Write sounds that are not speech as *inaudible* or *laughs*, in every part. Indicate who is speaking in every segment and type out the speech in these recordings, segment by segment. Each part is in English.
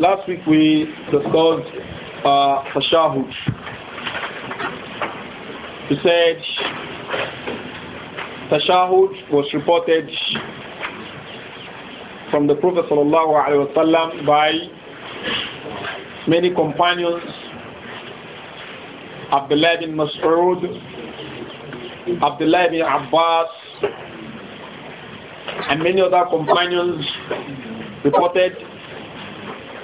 Speaker 1: Last week we discussed uh, We said tashahud was reported from the Prophet wasallam by many companions, Abdullah bin Mas'ud, Abdullah bin Abbas, and many other companions reported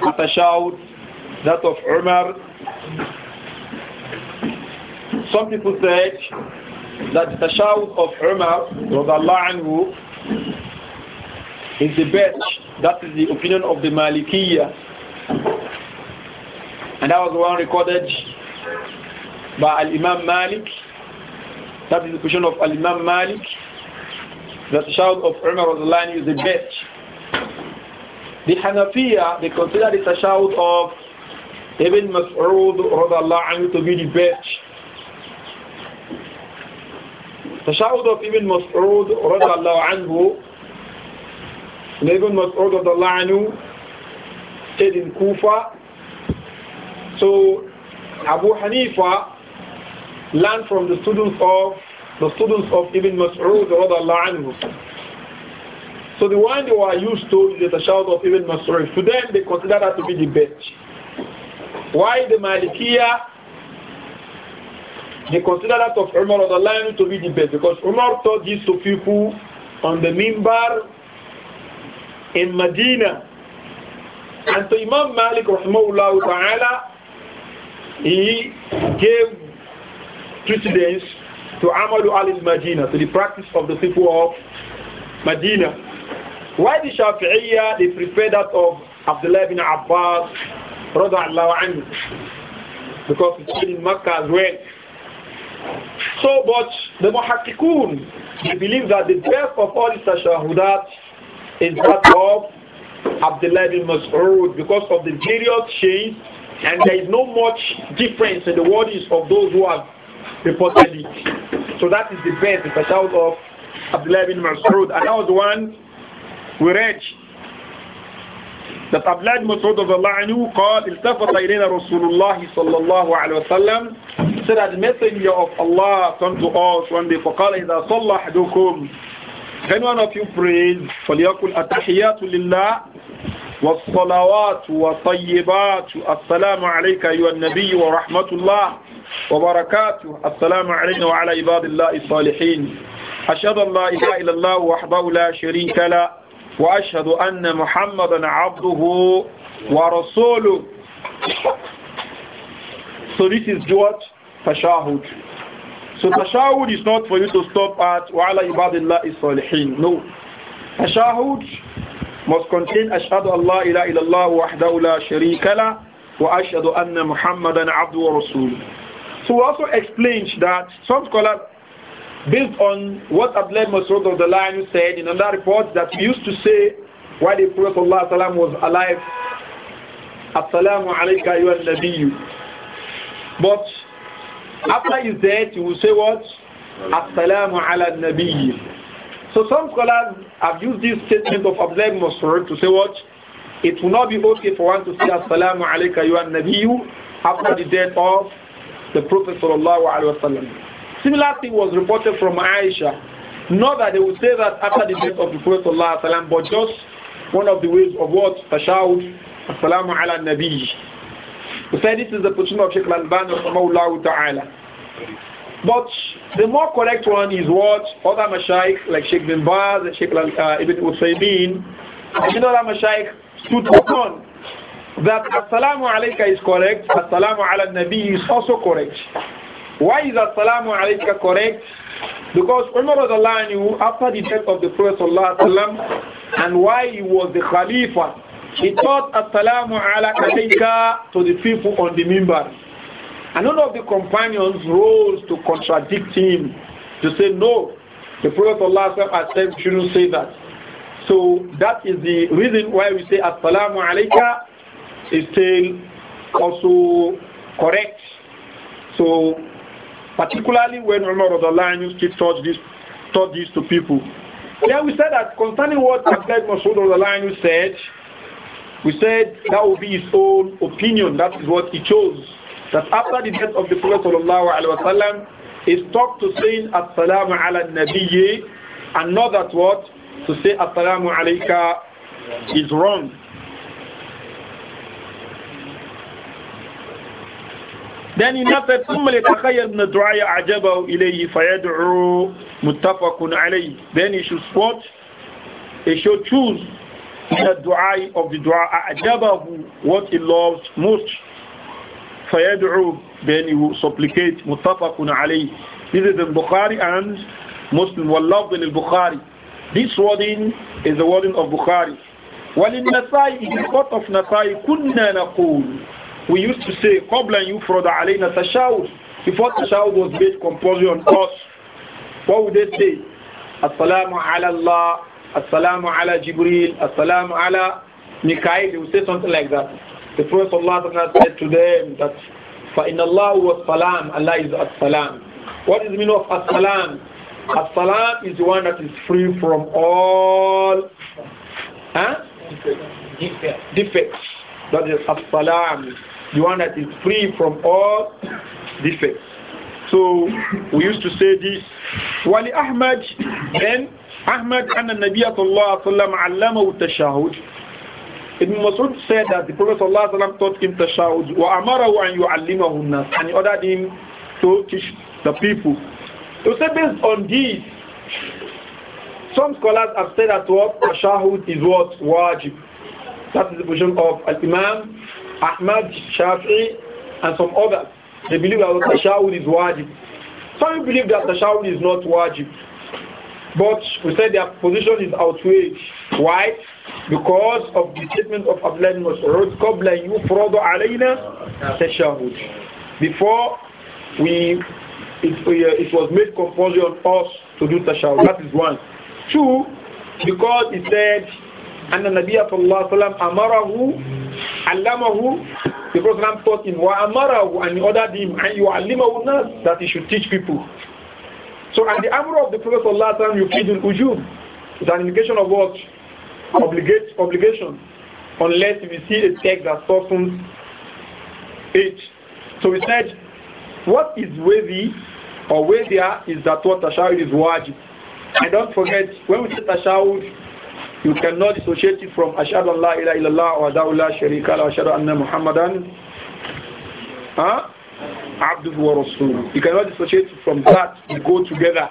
Speaker 1: at a shout, that of Umar. Some people said that the shout of Umar anhu, is the best. That is the opinion of the Malikiyah. And that was the one recorded by Al-Imam Malik. That is the opinion of Al-Imam Malik. That the shout of Umar is the best. The Hanafiya, they consider this a shout of Ibn Mas'ud anhu to be the best. The shout of Ibn Mas'ud anhu, Ibn Mas'ud anhu stayed in Kufa. So Abu Hanifa learned from the students of the students of Ibn Mas'ud anhu. So the one they were used to is a shout of even Masruf. To them, they consider that to be the best. Why the Malikiyah? they consider that of Umar of the to be the best. Because Umar taught this to people on the Mimbar in Medina. And to Imam Malik, rahmahullah ta'ala, he gave precedence to Amalu al Medina to the practice of the people of Medina. Why the Shafi'iyya, they prefer that of Abdullah bin Abbas, anhu, because it's in Makkah as well. So, but the Muhakkikun, they believe that the best of all the tashahudat is that of Abdullah bin Mas'ud because of the various chains and there is no much difference in the words of those who have reported it. So that is the best, the shout of Abdullah bin Mas'ud. And that was the one وراج that Abdullah ibn Mas'ud anhu قال التفت إلينا رسول الله صلى الله عليه وسلم said that the messenger of Allah come to us one day فقال إذا صلى أحدكم if any one of you prays فليقل التحيات لله والصلوات والطيبات السلام عليك أيها النبي ورحمة الله وبركاته السلام علينا وعلى عباد الله الصالحين أشهد أن لا إله إلا الله وحده لا شريك له وأشهد أن محمدا عبده ورسوله So this is what? Tashahud. So tashahud is not for you to stop at وَعَلَى عِبَادِ اللَّهِ salihin. No. Tashahud must contain أشهد ila إلا إلا الله sharika لا wa له anna muhammadan abdu wa rasul. So we also explained that some scholars based on what Abdullah Masud of the line said in another report that we used to say while the Prophet ﷺ was alive, Assalamu alayka wa nabiyyu. But after his death, he will say what? Assalamu ala nabiyyu. So some scholars have used this statement of Abdullah Masud to say what? It will not be okay for one to say Assalamu alayka wa nabiyyu after the death of the Prophet sallallahu alaihi wasallam. Similar thing was reported from Aisha. Not that they would say that after the death of the Prophet ﷺ, but just one of the ways of what tashahud assalamu ala nabi we say this is the position of Sheikh Al-Albani ta'ala but the more correct one is what other mashaykh like Sheikh bin Baz and Sheikh uh, Ibn Uthaymeen and other mashaykh stood upon that assalamu alayka is correct assalamu ala nabi is also correct why is Assalamu alaikum correct? Because Umar anhu, after the death of the Prophet sallam, and why he was the Khalifa, he taught Assalamu alaikum to the people on the mimbar. And none of the companions rose to contradict him, to say no, the Prophet sallam has said shouldn't say that. So that is the reason why we say Assalamu alaikum is still also correct. So Particularly when Umar used to taught this, taught this to people. Yeah, we said that concerning what Abdullah Masood Radallahu said, we said that would be his own opinion. That is what he chose. That after the death of the Prophet Sallallahu Alaihi Wasallam, he stopped to say Assalamu ala Nabiyyi and not that what to say Assalamu alayka is wrong. داني نفر ثم لتخيل من الدعاء أعجبه إليه فيدعو متفق عليه داني شو سبوت شو تشوز من الدعاء of the دعاء أعجبه what he loves most فيدعو داني he will supplicate متفق عليه this is in Bukhari and Muslim واللفظ للبخاري this wording is the wording of Bukhari وللنسائي in the court of Nasai كنا نقول we used to say, for the alayna tashawud. Before tashawud was made compulsory on us, what would they say? Assalamu ala Allah, Assalamu ala Jibril, Assalamu ala Mikael. They would say something like that. The Prophet Allah said to them that, فَإِنَّ اللَّهُ وَالسَّلَامُ Allah is as-salam. What is the meaning of as-salam? As-salam is the one that is free from all huh? defects. That is as-salam the one that is free from all defects. So we used to say this. Wali Ahmad, then Ahmad and the Nabi sallallahu allama tashahud. Ibn Masud said that the Prophet sallallahu taught him tashahud. Wa amarahu an yu'allimahu nas. And he ordered him to teach the people. So said based on this, some scholars have said that what tashahud is what wajib. That is the position of Al-Imam Ahmad, Shafi'i, and some others. They believe that the tashahud is wajib. Some believe that the tashahud is not wajib. But we said their position is outraged. Why? Because of the statement of Abdullah ibn Mas'ud, قَبْلَ يُفْرَضُ عَلَيْنَا تَشَهُدْ Before we, it, we, uh, it was made compulsory on us to do tashahud. That is one. Two, because he said أن النبي صلى الله عليه وسلم أمره علمه the Prophet taught him وأمره and he ordered him and يعلمه الناس that he should teach people so and the amr of the Prophet صلى الله عليه وسلم يفيد is an indication of what Obligate, obligation unless we see a text that softens it. So we said what is worthy or worthier is that what tashahud is wajib. And don't forget when we say tashahud you cannot dissociate it from Ashadu an la ilaha illallah wa da'u sharika la ashadu anna Muhammadan huh? abduhu wa rasul. You cannot dissociate it from that. They go together.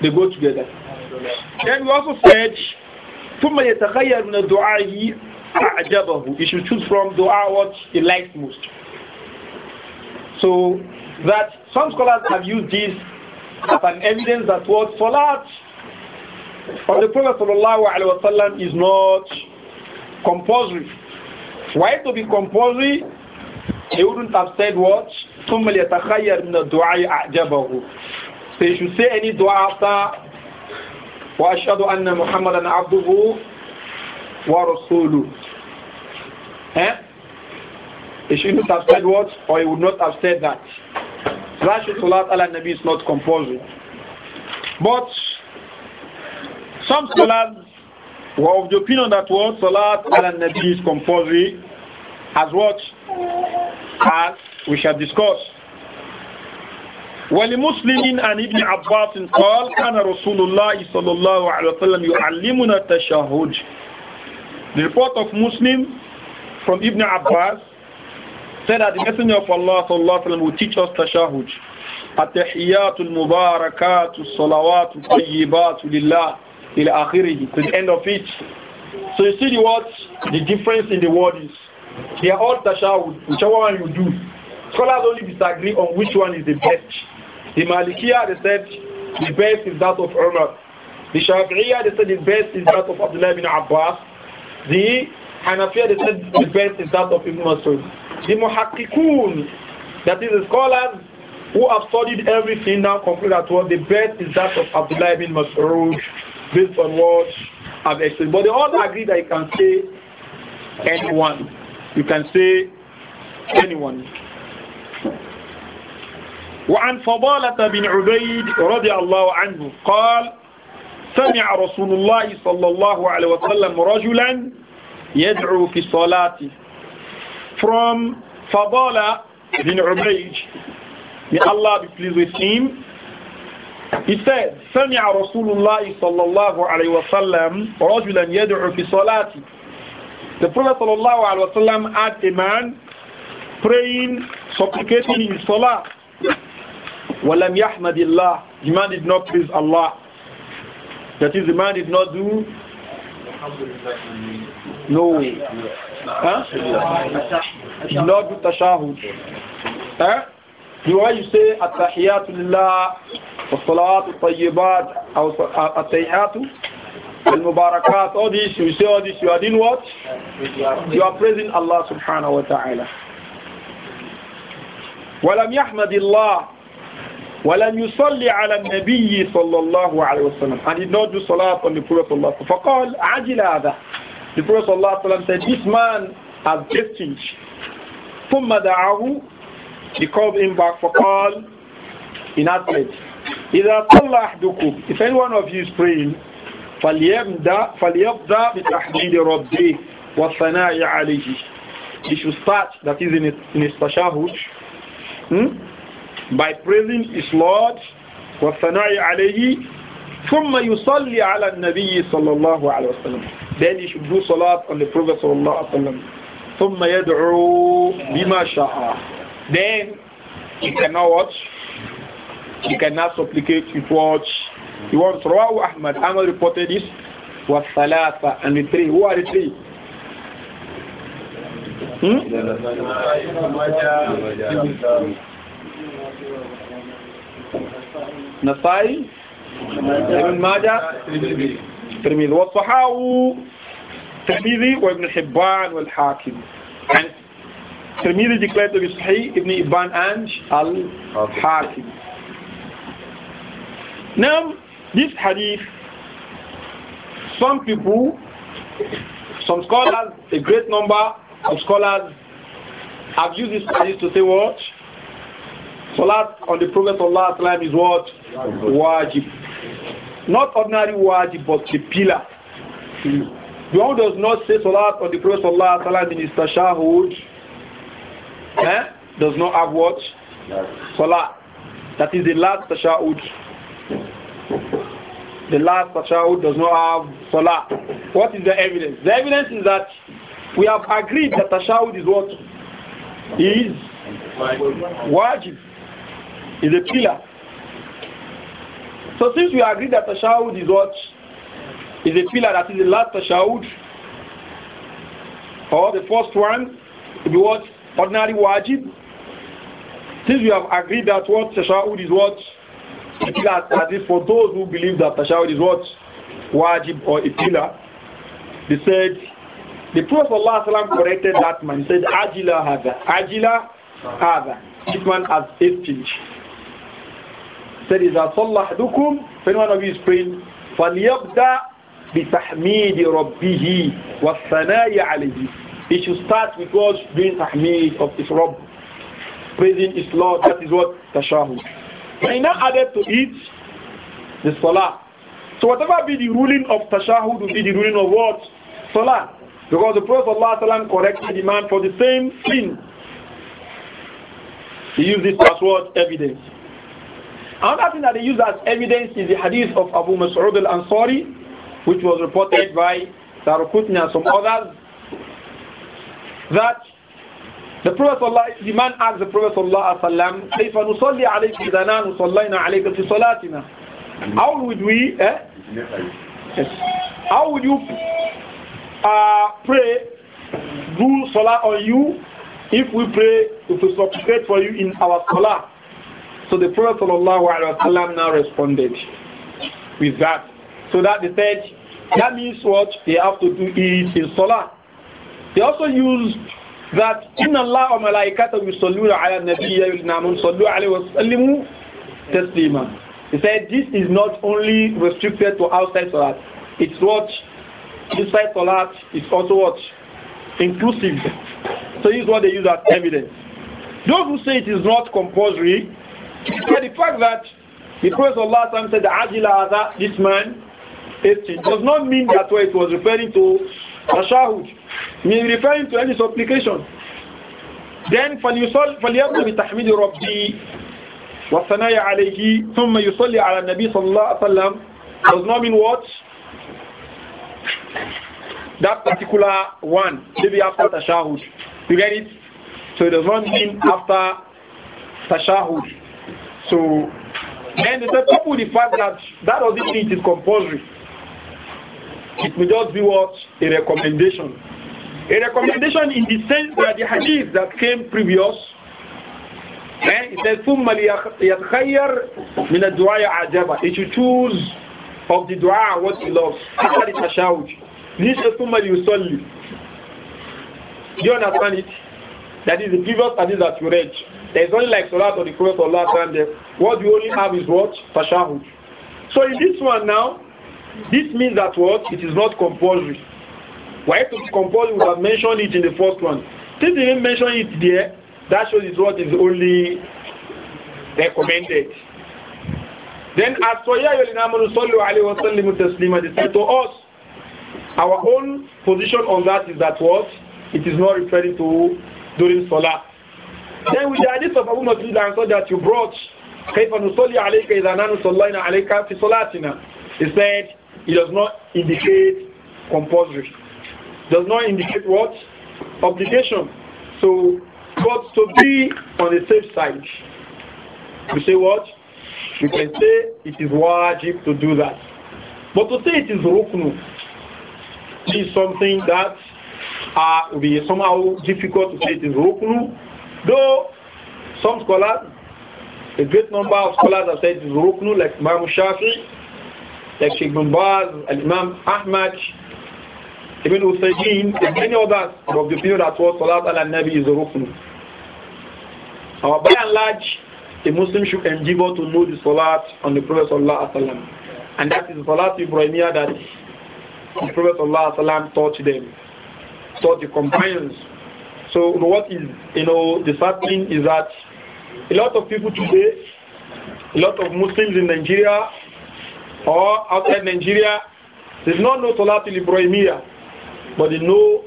Speaker 1: They go together. Then we also said, ثم يتخير من دعائه أعجبه. You should choose from dua what he likes most. So that some scholars have used this as an evidence that what salat on the Prophet وسلم, is not compulsory. Why to be compulsory? He wouldn't have said what? ثم ليتخير من الدعاء أعجبه. So you should say any dua after وأشهد أن محمدا عبده ورسوله. Eh? He shouldn't have said what? Or he would not have said that. Rashi Salat ala Nabi is not compulsory. But some scholars were of the opinion that what Salat al-Nabi is compulsory as what as we shall discuss. Muslimin and Ibn Abbas in كان رسول Rasulullah sallallahu الله عليه وسلم يعلمنا التشهد The report of Muslim from Ibn Abbas said that the Messenger of Allah sallallahu الله عليه will teach us tashahud التحيات المباركات salawatul الطيبات to the end of it. So you see the words, the difference in the word is they are all tashahud, whichever one you do. Scholars only disagree on which one is the best. The Malikiya they said the best is that of Umar. The Shafi'iyya they said the best is that of Abdullah bin Abbas. The Hanafiya they said the best is that of Ibn Masud. The Muhakkikun, that is the scholars who have studied everything now conclude that what the best is that of Abdullah bin Masud based on what I've explained. But they all agree that you can say anyone. You can say anyone. وعن فضالة بن عبيد رضي الله عنه قال سمع رسول الله صلى الله عليه وسلم رجلا يدعو في صلاته from فضالة بن عبيد may Allah be pleased with him He said, سمع رسول الله صلى الله عليه وسلم رجلا يدعو في The Prophet صلى الله عليه وسلم had a man praying, supplicating in salah. ولم يحمد الله. The man did not praise Allah. That is, the man did not do no way. Huh? He did not do tashahud. Huh? يو سي التحيات لله والصلوات الطيبات او التحيات المباركات او دي سي سي او دي سي ادين وات يو بريزين الله سبحانه وتعالى ولم يحمد الله ولم يصلي على النبي صلى الله عليه وسلم ان نود صلاه على النبي صلى الله عليه وسلم فقال عجل هذا النبي صلى الله عليه وسلم said this man has destined ثم دعاه He called him back for call in Advent. If any one of you is praying, فَلْيَبْدَى بِتَحْمِيدِ رَبِّهِ وَالثَّنَاءِ عَلَيْهِ He should start, that is in his, in his tashahud, hmm? by praising his Lord, وَالثَّنَاءِ عَلَيْهِ ثم يصلي على النبي صلى الله عليه وسلم then he should do salat on the prophet صلى الله عليه وسلم ثم يدعو بما شاء then you cannot watch. You cannot supplicate with watch. You want Rawahu Ahmad. Ahmad reported this. Was Salasa and the three. Who are the three? Hmm? Nasai, Ibn Majah, Tirmidhi. وصححه الترمذي وابن حبان والحاكم. And Tirmidhi declared to be Sahih, Ibn Ibn Al-Hakim. Now, this hadith, some people, some scholars, a great number of scholars have used this hadith to say what? Salat on the Prophet Allah is what? Wajib. Not ordinary wajib, but the pillar. The one does not say salat on the Prophet Allah in his tashahud eh, does not have what? Salah. That is the last tashahud. The last tashahud does not have salah. What is the evidence? The evidence is that we have agreed that tashahud is what? Is wajib. Is a pillar. So since we agree that tashahud is what? Is a pillar that is the last tashahud or the first one it be what? Ordinary wajib, since we have agreed that what tashahud is what, a pillar, that is for those who believe that tashahud is what, wajib or itila, they said, the Prophet Allah corrected that man. He said, Ajila hada, Ajila hada. This man has hastened. Said, Iza salahdukum, if anyone of you is praying, فَلْيَبْدَأْ بِتَحْمِيدِ رَبِّهِ وَالثَّنَاءِ عَلَيْهِ it should start with what doing tahmid of his Rabb, praising his Lord. That is what tashahud. But he now added to it the salah. So whatever be the ruling of tashahud will be the ruling of what? Salah. Because the Prophet ﷺ corrected the man for the same sin. He used this as what? Evidence. Another thing that they use as evidence is the hadith of Abu Mas'ud al-Ansari, which was reported by Darukutni and some others, that the Prophet Allah, the man asked the Prophet sallallahu alaihi wasallam, How would we? Eh? Yes. How would you uh, pray, do salah on you, if we pray, if we supplicate for you in our salah? So the Prophet sallallahu alaihi wasallam now responded with that. So that they said, that means what they have to do is in salah. They also used that in Allah wa malaikatahu yusalluna ala nabiyya yulina man sallu alayhi wa sallimu taslima. He said this is not only restricted to outside salat. It's what inside salat is also what inclusive. So this is what they use as evidence. Those who say it is not compulsory, the fact that the Prophet Allah said the Ajila this man it does not mean that it was referring to Tashahud. Mean referring to any supplication. Then فليصل فليبدأ بتحميد ربي والثناء عليه ثم يصلي على النبي صلى الله عليه وسلم does not mean what? That particular one, maybe after tashahud. You get it? So it does not mean after tashahud. So, and the people the fact that that doesn't mean it is compulsory. It will just be what? A recommendation. A recommendation in the sense that the hadith that came previous and eh, it says, ثُمَّ لِيَتْخَيَّرْ مِنَ الدُّعَاءِ عَجَبًا He should choose of the dua what he loves. After the tashahud. This is ثُمَّ لِيُسَلِّ Do you understand it? That is the previous hadith that you read. There is only like Salat or the Prophet Allah and What you only have is what? Tashahud. So in this one now, this means that what? It is not compulsory. Why to compulsory? We have mentioned it in the first one. Since they didn't mention it there, that shows it's what is only recommended. Then as for Ya Yolinamunu Sallu Alaihi Wasallimu Taslima, they said to us, our own position on that is that what? It is not referring to during Salah. Then with the hadith of Abu Masud Ansar that you brought, كيف نصلي عليك إذا نحن صلينا عليك في صلاتنا. He said, it does not indicate compulsory. Does not indicate what? Obligation. So, but to be on the safe side, we say what? You can say it is wajib to do that. But to say it is ruknu is something that uh, will be somehow difficult to say it is ruknu, though some scholars, a great number of scholars have said it is ruknu, like Imam Shafi, like Sheikh Ibn Baz, Imam Ahmad, Ibn Usaydin, and many others of the people that was Salat al-Nabi is a rukn. Our by and large, a Muslim should endeavor to know the Salat on the Prophet Sallallahu Alaihi Wasallam. And that is Salat Ibrahimiyya that the Prophet Sallallahu Alaihi Wasallam taught them, taught the companions. So what is, you know, the sad thing is that a lot of people today, a lot of Muslims in Nigeria or outside Nigeria, there is no not know Salatul Ibrahimiyya, but they know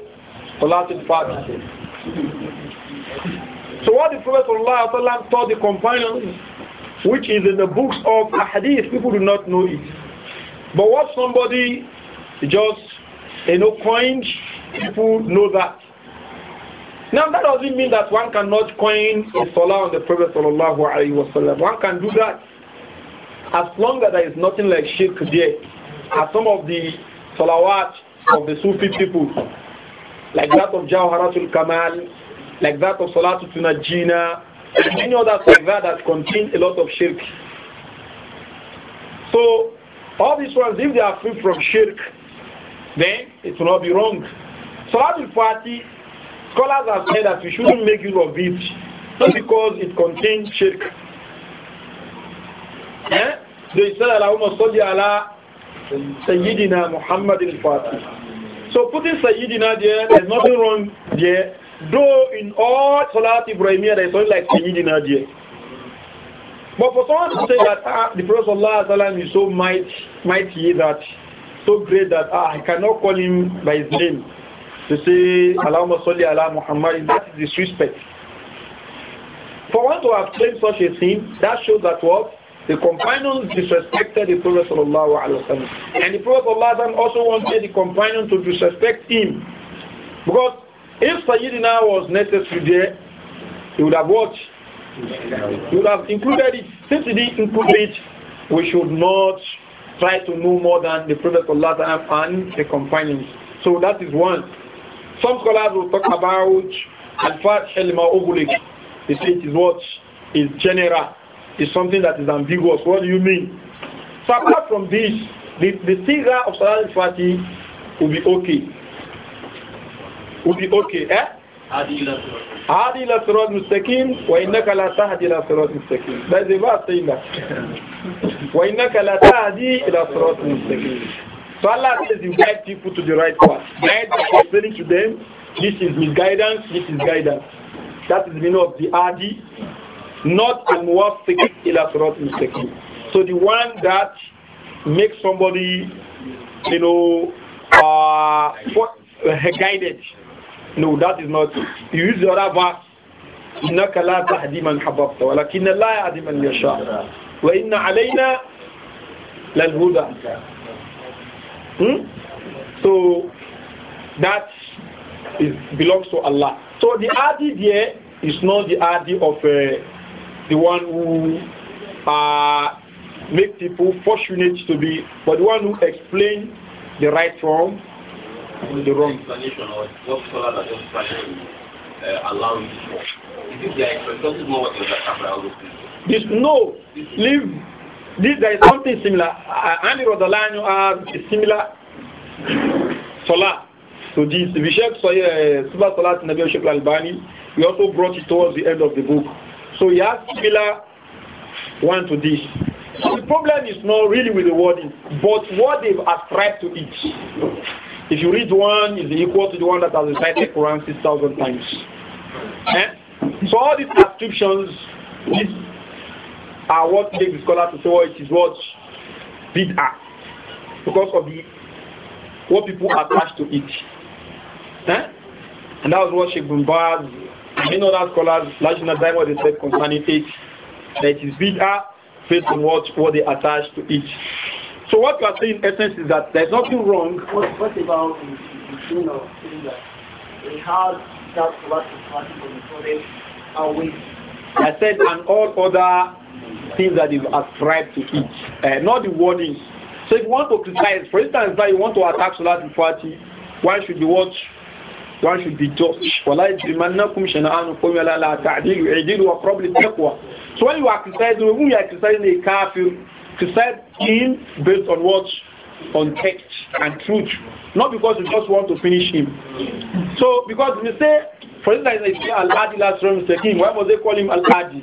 Speaker 1: Salatul Fatiha. So what the Prophet ﷺ taught the companions, which is in the books of Hadith, people do not know it. But what somebody just, you know, coined, people know that. Now that doesn't mean that one cannot coin a salah on the Prophet One can do that as long as there is nothing like shirk there, as some of the salawat of the Sufi people, like that of Jawharatul Kamal, like that of Salatul Tunajina, and many others like that that contain a lot of shirk. So, all these ones, if they are free from shirk, then it will not be wrong. Salatul Fati, scholars have said that we shouldn't make use of it, not because it contains shirk. Eh? They said, Allahumma salli ala Sayyidina Muhammad al-Fatih. So putting Sayyidina there, there's nothing wrong there. Though in all Salat Ibrahimiyya, there's only like Sayyidina there. But for someone to say that ah, the Prophet Sallallahu is so might, mighty that, so great that ah, I cannot call him by his name, to say Allahumma salli ala Muhammad, that is disrespect. For one to have claimed such a thing, that shows that what? The companions disrespected the Prophet and the Prophet also wanted the companion to disrespect him. Because if Sayyidina was necessary there, he would have watched. He would have included it. Since he didn't include it, we should not try to know more than the Prophet and the companions. So that is one. Some scholars will talk about Al-Fath al They say it is what is general is something that is ambiguous. What do you mean? So apart from this, the, the of Salat fati will be okay. Will be okay, eh?
Speaker 2: هذه
Speaker 1: إلى صراط مستقيم وإنك لا تهدي إلى صراط مستقيم That's the verse saying that. وإنك لا تهدي إلى صراط مستقيم So Allah says you guide people to the right path. Guide explaining to them, this is misguidance, this is guidance. That is the meaning of the Adi not in what al-muwaffiq ila sirat mustaqim. So the one that makes somebody, you know, uh, for, uh, guided. No, that is not. You use the other verse. إنك لا تهدي من حببت ولكن الله يهدي من يشاء وإن علينا للهدى hmm? so that is, belongs to Allah so the adi there is not the adi of uh, the one who uh, make people fortunate to be, but the one who explain the right from the wrong.
Speaker 2: Explanation or what scholars are just trying uh, allow you to Is their
Speaker 1: more what This no, leave. This there is something similar. Uh, Andy Rodolano has a similar solar. So this Vishak Soya uh, Super Salat Nabi Albani, we also brought it towards the end of the book. So he has similar one to this. So the problem is not really with the wording, but what they've ascribed to it. If you read one, it's equal to the one that has recited Quran 6,000 times.
Speaker 3: Eh?
Speaker 1: So all these ascriptions these are what makes the scholar to say, well, oh, it is what bid'ah. Because of the what people attach to it. Eh? And that was what Sheikh Bumbaz Many other scholars, large than what they said concerning it, that it is bigger based on what, what they attach to it. So what you are saying in essence is that there's nothing wrong. What, what about you know saying that we have that philosophy our I said and all other things that they've ascribed to it, uh, not the warnings. So if you want to criticize, for instance, that you want to attack Salat Party, why should you watch one should be just. وَلَا يَجْرِمَنَّكُمْ شَنَآنُ قَوْمٍ لَا تَعْدِلُوا اعْدِلُوا وَقْرَبُ لِلتَّقْوَى So when you are criticizing, when you are criticizing a kafir, criticize him based on what? On text and truth. Not because you just want to finish him. So because you say, for instance, I say Al-Adi last room Sekim, why must they call him Al-Adi?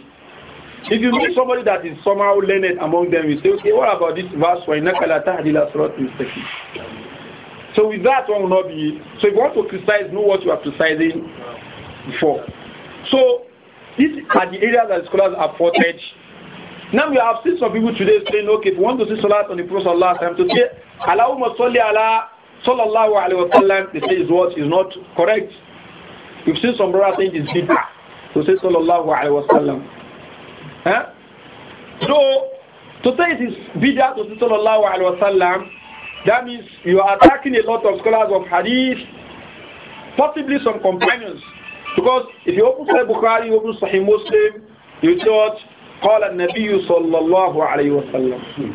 Speaker 1: If you meet somebody that is somehow learned among them, you say, okay, what about this verse? Why وَإِنَّكَ لَا تَعْدِلَ أَسْرَاتٍ مُسْتَقِيمٍ so with that one will not be. So if you want to criticize, know what you are criticizing for. So these are the areas that scholars have faulted. Now we have seen some people today saying, okay, if you want to see salat on the Prophet Allah, time to say, Allahumma salli ala sallallahu alayhi wa sallam, they say is not correct. We've seen some brothers saying it's bid'ah to say sallallahu alayhi wa sallam. Huh? So, to say it is bid'ah to say sallallahu alayhi wa sallam that means you are attacking a lot of scholars of hadith, possibly some companions. Because if you open Sahih Bukhari, you open Sahih Muslim, you thought, قال النبي Sallallahu Alayhi عليه وسلم.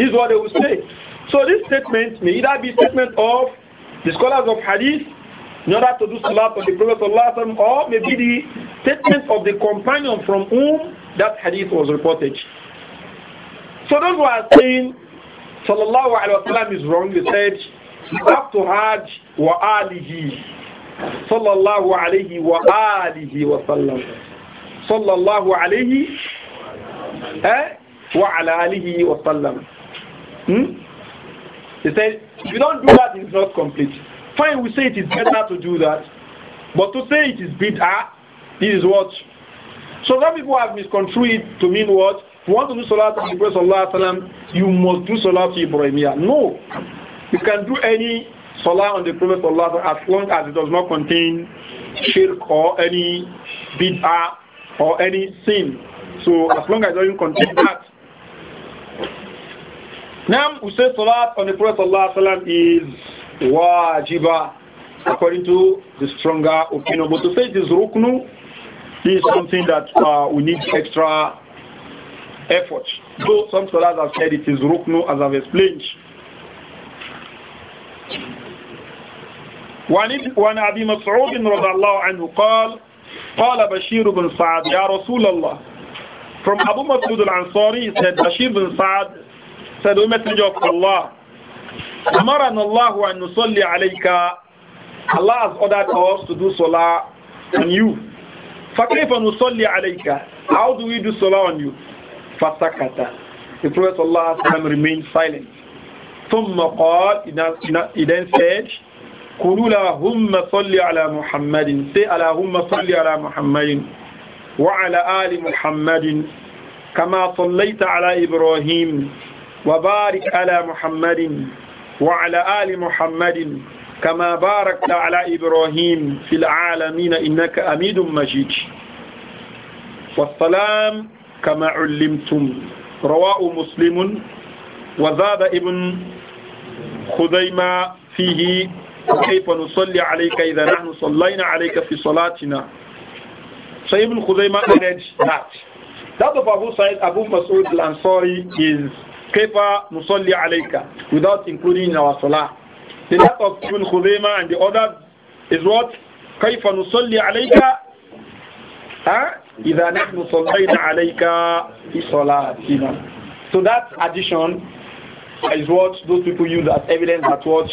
Speaker 1: This is what they will say. So this statement may either be a statement of the scholars of hadith in order to do salat of the Prophet sallam, or maybe the statement of the companion from whom that hadith was reported. So those who are saying sallallahu alaihi wasallam is wrong. He said, "After Hajj wa alihi, sallallahu alaihi wa alihi wa sallam, sallallahu alaihi eh, wa ala alihi wa sallam." Hmm? He said, "If you don't do that, it's not complete." Fine, we say it is better to do that, but to say it is bid'ah, this is what. So some people have misconstrued to mean what you want to do salat on the Prophet you must do salat to Ibrahimiyya. No, you can do any salah on the Prophet sallallahu as long as it does not contain shirk or any bid'ah or any sin. So as long as it doesn't contain that. Now we say salat on the Prophet sallallahu is wajiba according to the stronger opinion. But to say it is ruknu is something that uh, we need extra effort. Though some scholars have said it is ruknu, as I've explained. وعن أبي مسعود رضي الله عنه قال قال بشير بن سعد يا رسول الله From Abu Masud al-Ansari said Bashir bin Sa'ad said O Messenger of Allah أمرنا الله أن نصلي عليك Allah has ordered us to do salah on you فكيف نصلي عليك How do we do salah on you فسكت The Prophet وسلم remained silent. ثم قال he then said قولوا لهم صل على محمد say اللهم صل على محمد وعلى آل محمد كما صليت على إبراهيم وبارك على محمد وعلى آل محمد كما باركت على إبراهيم في العالمين إنك أميد مجيد والسلام كما علمتم رواه مسلم وزاد ابن خزيمة فيه كيف نصلي عليك إذا نحن صلينا عليك في صلاتنا سيبن Ibn Khuzaymah ذات that. That of Abu مسعود الأنصاري is كيف نصلي عليك without including our Salah. The lack of Ibn Khuzaymah and the others is what? كيف نصلي عليك? huh? إذا نحن صلينا عليك في صلاتنا. So that addition is what those people use as evidence that what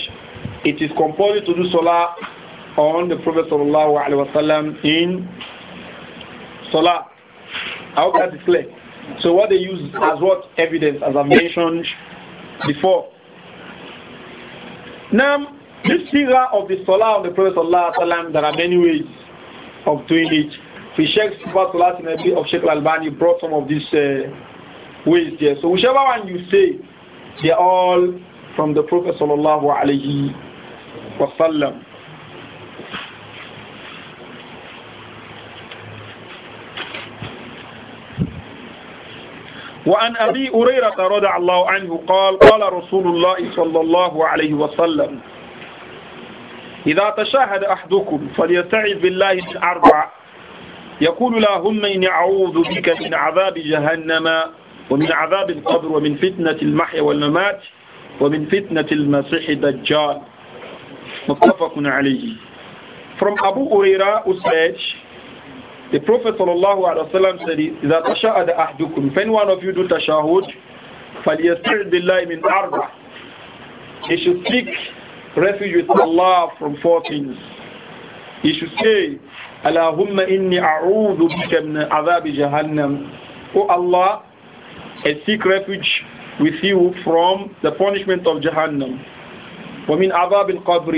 Speaker 1: it is compulsory to do salah on the Prophet sallallahu alaihi wasallam in salah. I hope that is clear. So what they use as what evidence, as I mentioned before. Now, this figure of the salah of the Prophet sallallahu alaihi wasallam, there are many ways of doing it. في شيخ صفات صلاة النبي of sheik Al-Albani brought some of these uh, ways there. So whichever one you say, they're all from the Prophet sallallahu Alaihi wasallam. وعن أبي هريرة رضي الله عنه قال قال رسول الله صلى الله عليه وسلم إذا تشاهد أحدكم فليستعذ بالله من أربع يقول اللهم إني أعوذ بك من عذاب جهنم ومن عذاب القبر ومن فتنة المحيا والممات ومن فتنة المسيح الدجال متفق عليه From Abu Uraira who said the Prophet sallallahu alaihi wasallam said إذا تشاهد أحدكم if one of you do تشاهد, فليستعذ بالله من أربع he should seek refuge with Allah from four things he should say اللهم إني أعوذ بك من عذاب جهنم O Allah a seek refuge with you from the punishment of Jahannam ومن عذاب القبر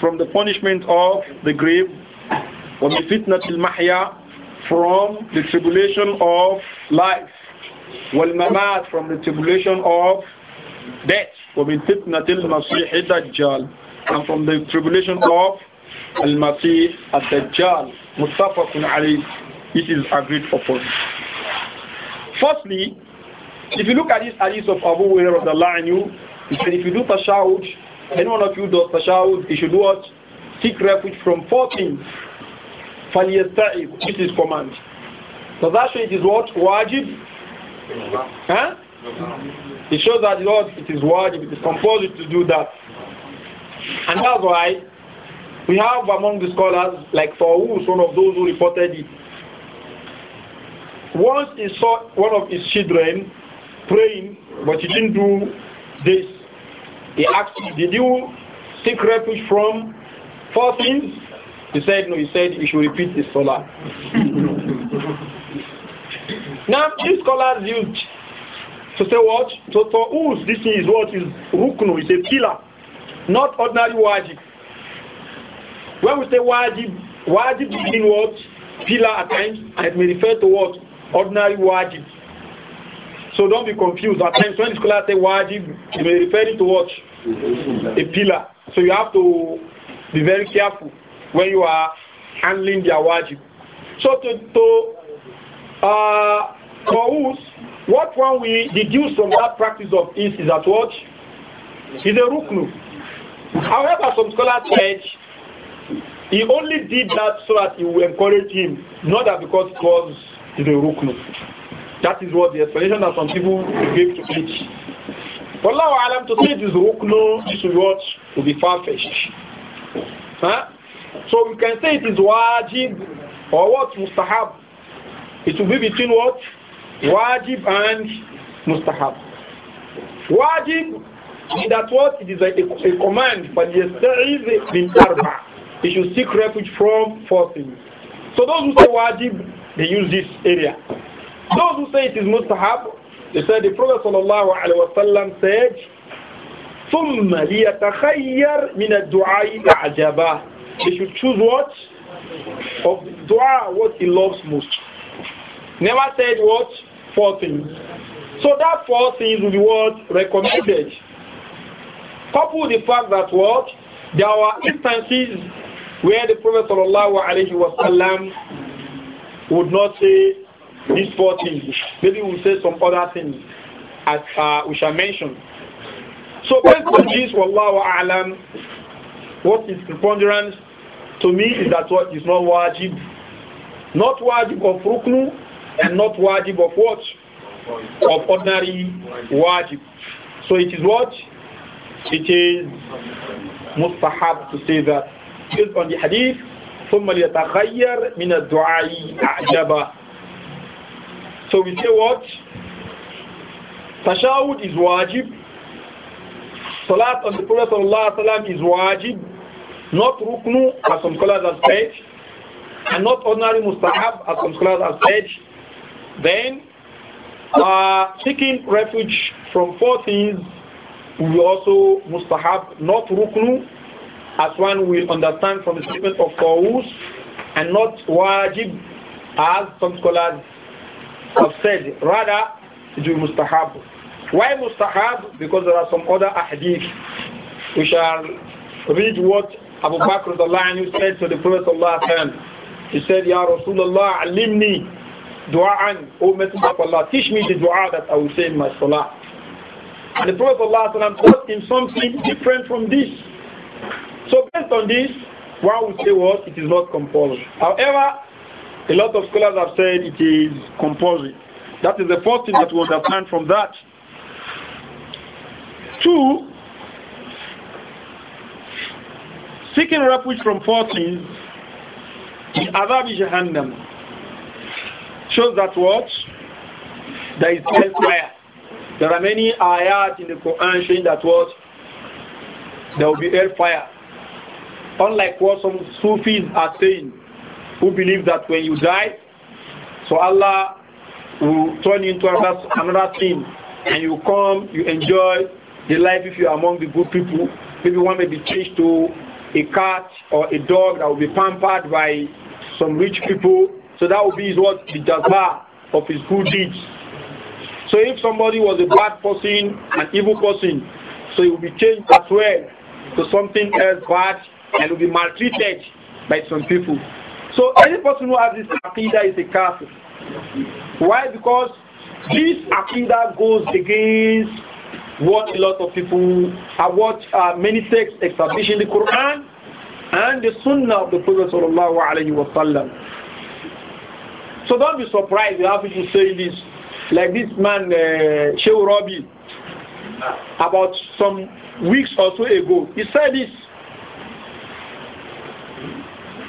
Speaker 1: from the punishment of the grave ومن فتنة المحيا from the tribulation of life والممات from the tribulation of death ومن فتنة المسيح الدجال and from the tribulation of المسيح الدجال Mustafakun alayh, it is agreed upon. Firstly, if you look at this hadith of Abu Hurairah of you, he said if you do tashahud, any one of you does tashahud, you should what? Seek refuge from four things. فَلْيَسْتَعِبْ This is command. So that shows it is what? Wajib? Huh? It shows that what? It is wajib, it is compulsory to do that. And that's why we have among the scholars, like Fawus, one of those who reported it. Once he saw one of his children praying, but he didn't do this. He asked him, Did you seek refuge from four things? He said, No, he said you should repeat his salah. *laughs* now, these scholars used to say what? So for us, this is what is ruknu, it's a pillar, not ordinary wajib. When we say wajib, wajib mean what? Pillar at times, and it may refer to what? Ordinary wajib. So don't be confused. At times when scholars say wajib, it may refer to what? A pillar. So you have to be very careful when you are handling their wajib. So to, to uh, for us, what one we deduce from that practice of is is that what? Is a ruknu. However, some scholars said he only did that so that he will encourage him, not that because it was the Ruknu. That is what the explanation that some people gave to it. I am to say this Ruknu, is what will be far-fetched. Huh? So we can say it is wajib or what mustahab. It will be between what? Wajib and mustahab. Wajib that what? It is a, a, a command, but yes, there is a min arba. He should seek refuge from four things. So those who say wajib, they use this area. Those who say it is mustahab, they said the Prophet sallallahu alaihi wasallam said, ثُمَّ لِيَتَخَيَّرْ مِنَ الدُّعَاءِ أَعْجَبَهُ They should choose what? Of dua, what he loves most. Never said what? Four things. So that four things will be what? Recommended. with the fact that what? There are instances where the Prophet wasallam would not say these four things. Maybe we'll say some other things as uh, we shall mention. So based on this, Wallahu A'lam, what is preponderant to me is that what is not wajib. Not wajib of ruknu and not wajib of what? Of ordinary wajib. So it is what? It is mustahab to say that based on the hadith, ثُمَّ لِيَتَخَيَّرْ مِنَ الدُّعَاءِ أَعْجَبًا So we say what? Tashahud is wajib. Salat on the Prophet ﷺ is wajib. Not ruknu, as some scholars have said. And not ordinary mustahab, as some scholars have said. Then, uh, taking refuge from four things will also mustahab, not ruknu, as one will understand from the statement of Qawus and not wajib as some scholars have said. Rather, do mustahab. Why mustahab? Because there are some other ahadith. We shall read what Abu Bakr anhu said to the Prophet sallallahu He said, Ya Rasulullah, alimni du'a'an, O Messenger of Allah, teach me the du'a that I will say in my salah. And the Prophet sallallahu taught him something different from this. So based on this, one would say what? It is not compulsory. However, a lot of scholars have said it is compulsory. That is the first thing that we understand from that. Two, seeking refuge from four things, the Azab Jahannam shows that what? There is hellfire. There are many ayat in the Quran showing that what? There will be hellfire. Unlike what some Sufis are saying, who believe that when you die, so Allah will turn you into another, another thing, and you come, you enjoy the life if you are among the good people. Maybe one may be changed to a cat or a dog that will be pampered by some rich people. So that will be his, what the jazba of his good deeds. So if somebody was a bad person, an evil person, so he will be changed as well to something else bad and will be maltreated by some people. So any person who has this akida is a kafir. Why? Because this akida goes against what a lot of people have watched, uh, many texts, exhibition, in the Quran and the Sunnah of the Prophet sallallahu alaihi wasallam. So don't be surprised you have people say this, like this man uh, Sheikh Robbie, about some weeks or so ago. He said this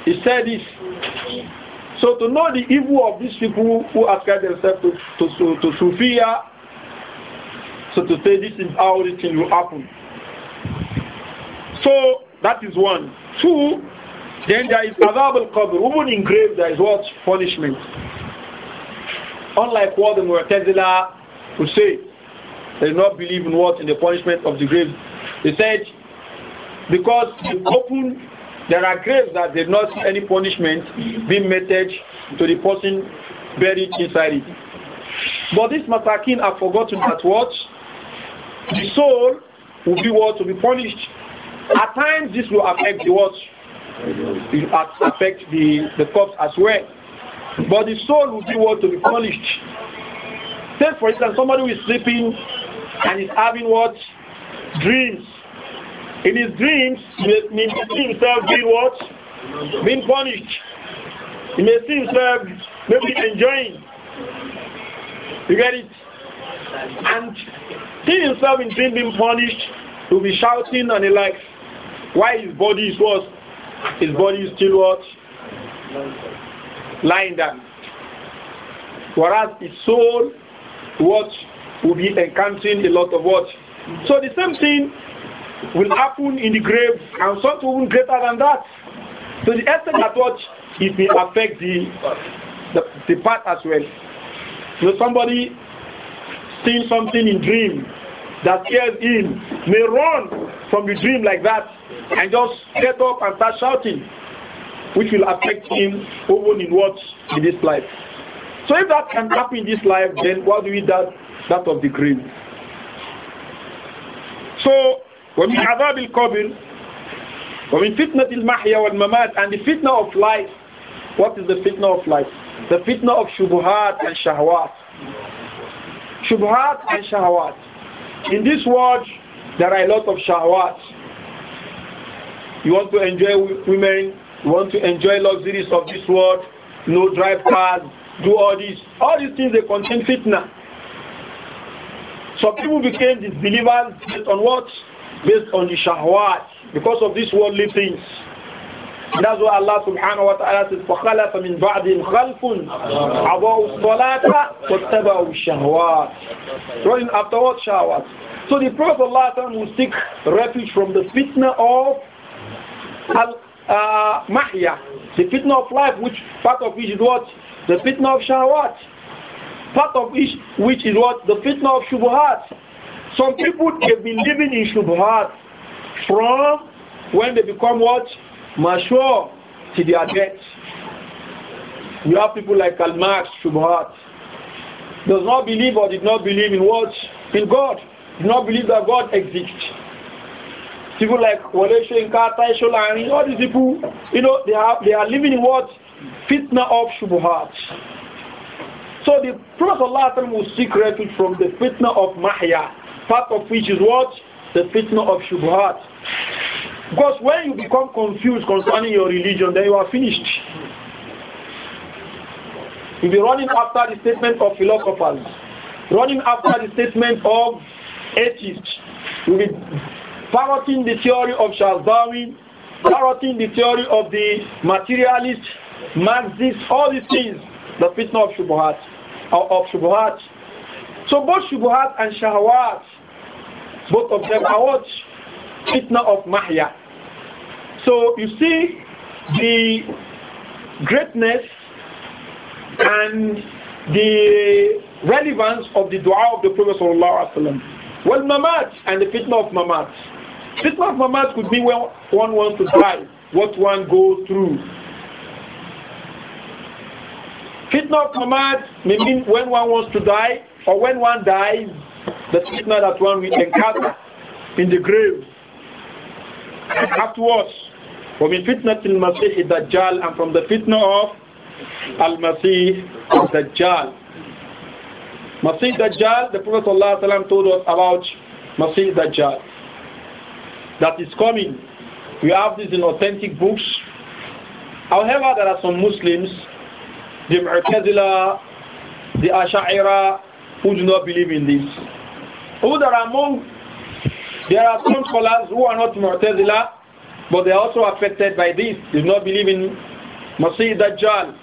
Speaker 1: he said this. So to know the evil of these people who ascribe themselves to, to, to, to Sufia, so to say this is how thing will happen. So that is one. Two, then there is Azab al-Qabr. Even in grave there is what? Punishment. Unlike what the Mu'tazila would say, they do not believe in what? In the punishment of the grave. They said, because the open there are graves that did not see any punishment being meted to the person buried inside it. But matter masakin have forgotten that what? The soul will be what? To be punished. At times this will affect the what? It affect the, the corpse as well. But the soul will be what? To be punished. Say for instance somebody who is sleeping and is having what? Dreams in his dreams, he may see himself being what? Being punished. He may see himself maybe enjoying. You get it? And see himself in dream being punished, he'll be shouting and he like. Why his body is what? His body is still what? Lying down. Whereas his soul, what? Will be encountering a lot of what? So the same thing will happen in the grave and something even greater than that. So the extent that what it may affect the, the, the part as well. So somebody seeing something in dream that scares him may run from the dream like that and just get up and start shouting, which will affect him even in what in this life. So if that can happen in this life, then what do we that that of the grave? So ومن عذاب القبر ومن فتنة المحيا والممات and the fitna of life what is the fitna of life the fitna of shubuhat and shahwat shubuhat and shahwat in this world there are a lot of shahwat you want to enjoy women you want to enjoy luxuries of this world no drive cars do all these all these things they contain fitna some people became disbelievers based on what based on the shahwat, because of these worldly things. That's why Allah subhanahu wa ta'ala says, فَخَلَفَ مِنْ بَعْدِهِمْ خَلْفٌ عَبَوْا الصَّلَاةَ وَاتَّبَعُوا الشَّهْوَاتِ Running afterwards shahwat. So the Prophet Allah will seek refuge from the fitna of al-mahya, uh, the fitna of life, which part of which is what? The fitna of shahwat. Part of which, which is what? The fitna of shubuhat some people they've been living in Shubhat from when they become what? Mature to their death. You have people like Karl Marx, Shubhat. Does not believe or did not believe in what? In God. Did not believe that God exists. People like and Shenkata, Sholani, all these people, you know, they are, they are living in what? Fitna of Shubhat. So the Prophet Allah will seek refuge from the fitna of Mahya, part of which is what? The fitna of Shubhat. Because when you become confused concerning your religion, then you are finished. You'll be running after the statement of philosophers, running after the statement of atheists. You'll be parroting the theory of Charles Darwin, parroting the theory of the materialist, Marxist, all these things, the fitna of Shubuhat. Of Shubuhat. So both Shubuhat and Shahwat both of them are what? Fitna of Mahya. So you see the greatness and the relevance of the dua of the Prophet sallallahu alaihi wasallam. Well, mamat and the fitna of mamat. Fitna of mamat could be when one wants to die, what one goes through. Fitna of mamat may mean when one wants to die or when one dies the fitna that one will encounter in the grave. And afterwards, وَمِنْ Masih al-Dajjal And from the fitna of Al-Masih Dajjal. Masih Dajjal, the Prophet ﷺ told us about Masih Dajjal. That is coming. We have this in authentic books. However, there are some Muslims, the Mu'tazila, the Ash'ira, who do not believe in this. Who there are among, there are some scholars who are not Mu'tazila, but they are also affected by this. They do not believe in Masih Dajjal.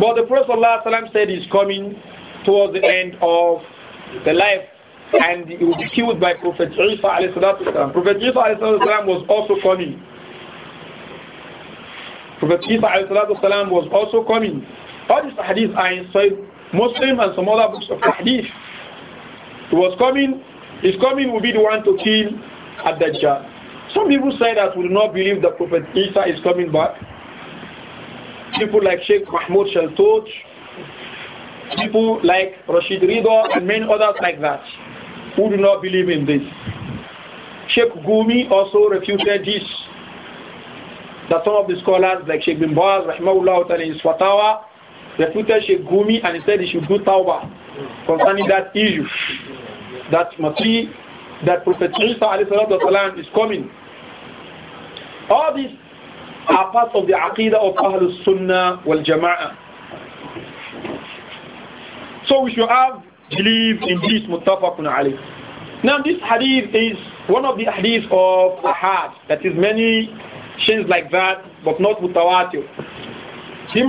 Speaker 1: But the Prophet ﷺ said he's coming towards the end of the life and he will be killed by Prophet Isa alayhi Prophet Isa was also coming. Prophet Isa was also coming. All these hadiths are in Muslim and some other books of hadith. He was coming, his coming will be the one to kill ad Some people say that we do not believe that Prophet Isa is coming back. People like Sheikh Mahmoud Sheltoch, people like Rashid Rida and many others like that who do not believe in this. Sheikh Gumi also refuted this. That some of the scholars like Sheikh bin Baz, Rahimahullah, in his Fatawa refuted Sheikh Gumi and he said he should do tawbah concerning that issue that Masih, that Prophet Isa والسلام, is coming. All these are part of the aqidah of Ahlul Sunnah wal Jama'ah. So we should have belief in this muttafaqun Now this hadith is one of the hadiths of Ahad, that is many chains like that, but not mutawatir. The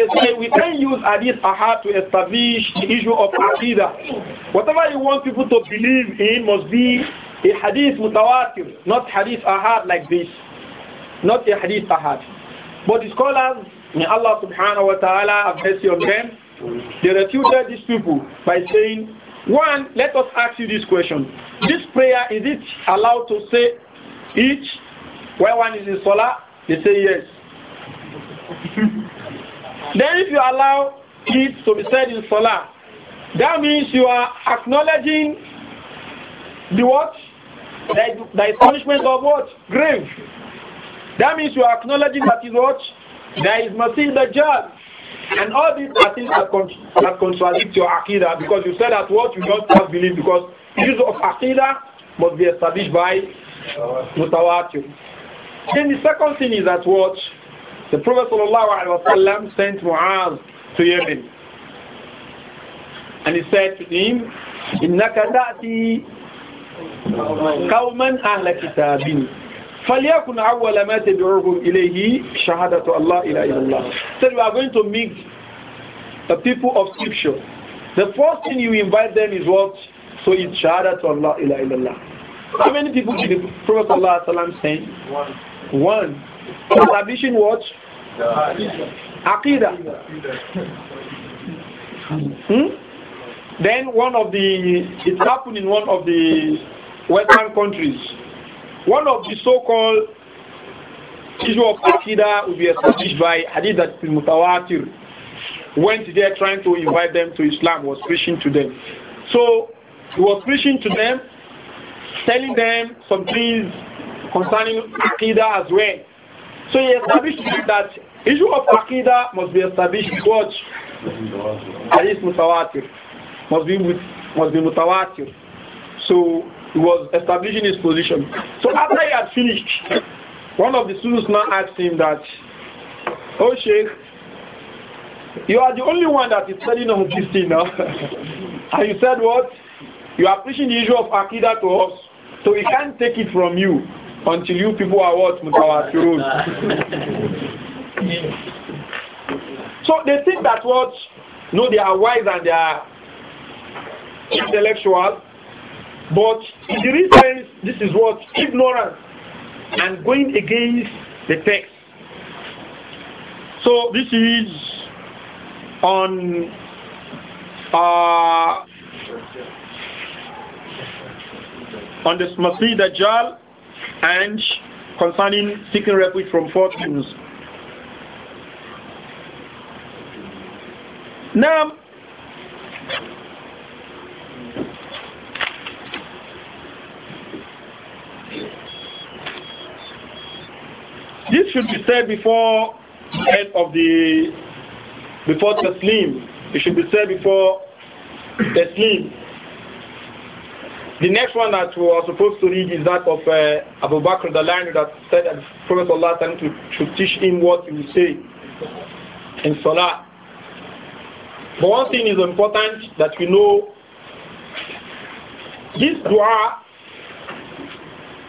Speaker 1: they say we can use hadith aha to establish the issue of aqidah. Whatever you want people to believe in must be a hadith mutawatir, not hadith ahad like this, not a hadith ahad. But the scholars, may Allah subhanahu wa taala have mercy on them. They refuted these people by saying, one, let us ask you this question: This prayer is it allowed to say each Where one is in salah? They say yes. Then if you allow it to be said in Salah, that means you are acknowledging the what? The, the of what? Grave. That means you are acknowledging that is what? There is Masih Dajjal. And all these are things that, con that contradict your Aqidah because you said that what you don't have belief because use of Aqidah must be established by Mutawatir. Then the second thing is that what? The Prophet ﷺ sent Mu'az to Yemen. And he said to him, إِنَّكَ تَأْتِي قَوْمًا أَهْلَ كِتَابٍ فَلْيَكُنْ أَوَّلَ مَا تَدْعُوهُمْ إِلَيْهِ شَهَادَةُ اللَّهِ إِلَىٰ إِلَى اللَّهِ So we are going to meet the people of scripture. The first thing you invite them is what? So it's Shahada to Allah, ilaha illallah. How many people did the Prophet Allah send? One. One. Establishing what? Aqidah. Hmm? Then one of the, it happened in one of the Western countries. One of the so-called issue of Aqidah will be established by Hadith that is mutawatir. Went there trying to invite them to Islam, was preaching to them. So he was preaching to them, telling them some things concerning Aqidah as well. So he established that issue of Aqidah must be established with what? Hadith Mutawatir. Must be with, must be Mutawatir. So he was establishing his position. So after he had finished, one of the students now asked him that, Oh Sheikh, you are the only one that is telling us this thing now. *laughs* and you said what? You are preaching the issue of Aqidah to us, so we can't take it from you. Until you people are what? Mutawakirun. so they think that what? No, they are wise and they are intellectual. But in the real sense, this is what? Ignorance and going against the text. So this is on uh, on the Masih Dajjal and concerning seeking refuge from four fortunes. Now, this should be said before the end of the before Taslim. It should be said before Taslim the next one that we are supposed to read is that of uh, Abu Bakr the line that said that Prophet Allah to, teach him what he will say in Salah. But one thing is important that we know this dua,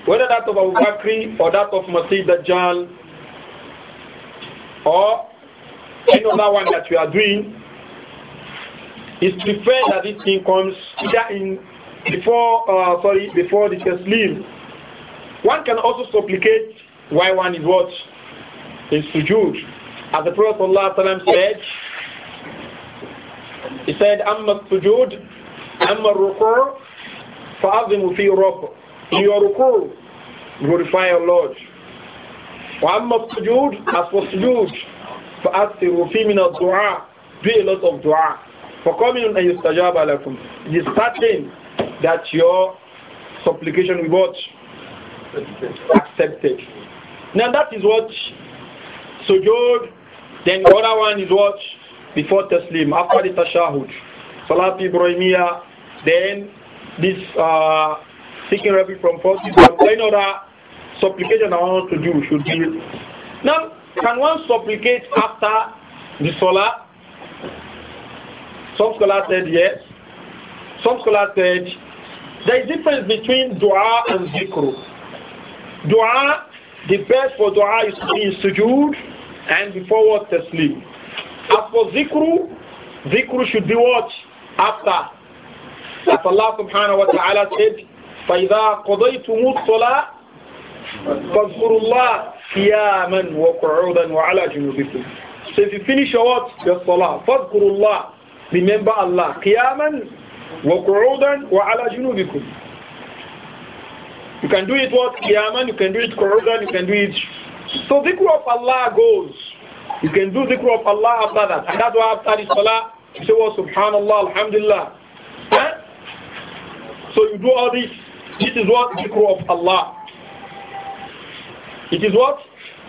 Speaker 1: whether that of Abu Bakr or that of Masih Dajjal or any other one that we are doing, to preferred that this thing comes either in before uh, sorry before the test leave, One can also supplicate why one is what is sujood, as the Prophet Allah said. He said, "Amma sujood, amma rukur, fa'azimu fi rabb." In your rukur, glorify your Lord. Wa amma sujood, as for sujood, fa'asiru fi min al-du'a. Do a lot of du'a. For coming and yustajab alakum. It is starting that your supplication will what? Accepted. Now that is what sujood, then the other one is what? Before taslim, after the tashahud. Salat Ibrahimiyya, then this uh, seeking refuge from forces, and any other supplication I want to do should be. Now, can one supplicate after the salah? Some scholars said yes. Some scholars said there is difference between dua and zikr. Dua, the best for dua is to be in sujood and before what sleep. As for zikr, zikr should be watched After. As Allah subhanahu wa ta'ala said, فَإِذَا قَضَيْتُمُ الصَّلَاةِ فَاذْكُرُوا اللَّهَ قِيَامًا وَقُعُودًا وَعَلَى جُنُوبِكُمْ So if you finish your what? Your salah. فَاذْكُرُوا اللَّهَ Remember Allah. قِيَامًا وَقُعُودًا وَعَلَى جُنُوبِكُمْ you can do it what? Qiyaman, you can do it Quran, you can do it. So the dhikr of Allah goes. You can do the dhikr of Allah after that. And that's why after the salah, you say, well, subhanallah, alhamdulillah. Eh? So you do all this. This is what dhikr of Allah. It is what?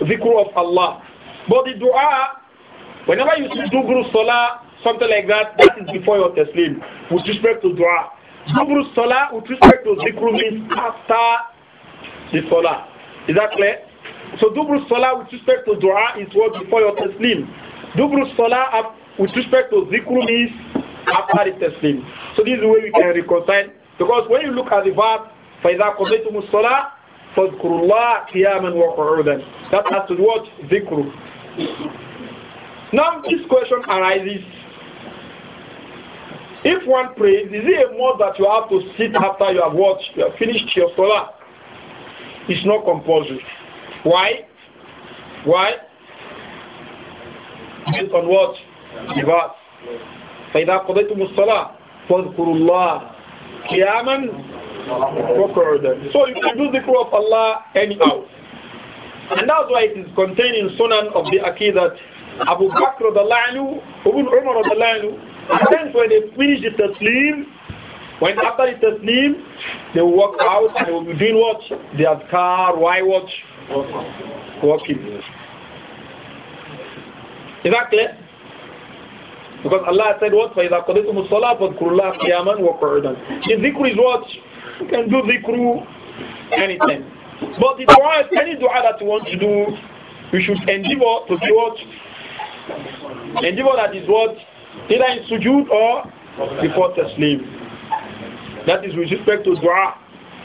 Speaker 1: Dhikr of Allah. But the dua, whenever you do guru salah, something like that, that is before your taslim, with respect to dua. Zubru salah, with respect to zikru, means after the salah. Is that clear? So dubru salah with respect to dua is what before your taslim. Dubru salah with respect to zikru means after the taslim. So this is the way we can reconcile. Because when you look at the verse, فَإِذَا قَضَيْتُمُ الصَّلَاةِ فَاذْكُرُوا اللَّهَ قِيَامًا وَقُعُودًا That has to do what? Zikru. Now this question arises if one prays, is it a must that you have to sit after you have watched, you have finished your salah? It's not compulsory. Why? Why? Based on what? Ibad. فإذا قضيتم الصلاة فاذكروا الله قياما وقعودا. So you can do the call of Allah anyhow. And that's why it is contained in Sunan of the Aqidat. Abu Bakr radiallahu, Ibn Umar the Lailu. Sometimes when they finish the taslim, when after the taslim, they walk out and they will be doing what? They have car, why watch? Walking. Is that clear? Because Allah said what? فَإِذَا قَدِتُمُ الصَّلَاةَ فَاذْكُرُوا اللَّهَ قِيَامًا وَقُعُودًا The dhikr is what? You can do dhikr anything. But the dua, any dua that you want to do, you should endeavor to do what? Endeavor that is what? Either in sujood or before taslim. That is with respect to dua.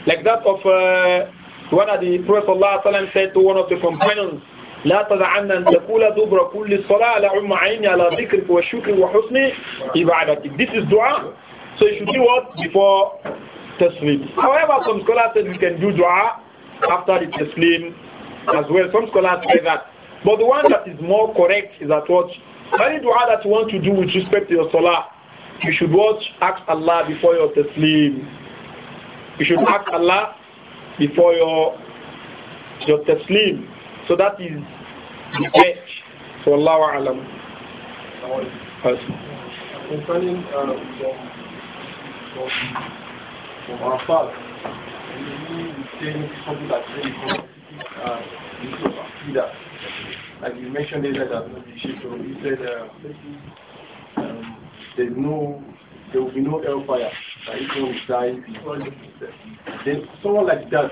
Speaker 1: Like that of uh, one of the Prophet ﷺ said to one of the companions, لا تدعن أن تقول دبر كل صلاة على عم عيني على ذكرك وشكرك وحسن عبادتك. This is dua. So you should do what? Before taslim. However, some scholars said you can do dua after the taslim as well. Some scholars say that. But the one that is more correct is that what any dua that you want to do with respect to your salah, you should watch, ask Allah before your taslim. You should ask Allah before your your taslim. So that is the edge. So Allah alam.
Speaker 2: Concerning um, from our part, we think something that's really important, uh, as you mentioned earlier that you said uh, um, there's no, there will be no hellfire that if one die.
Speaker 1: then someone like that,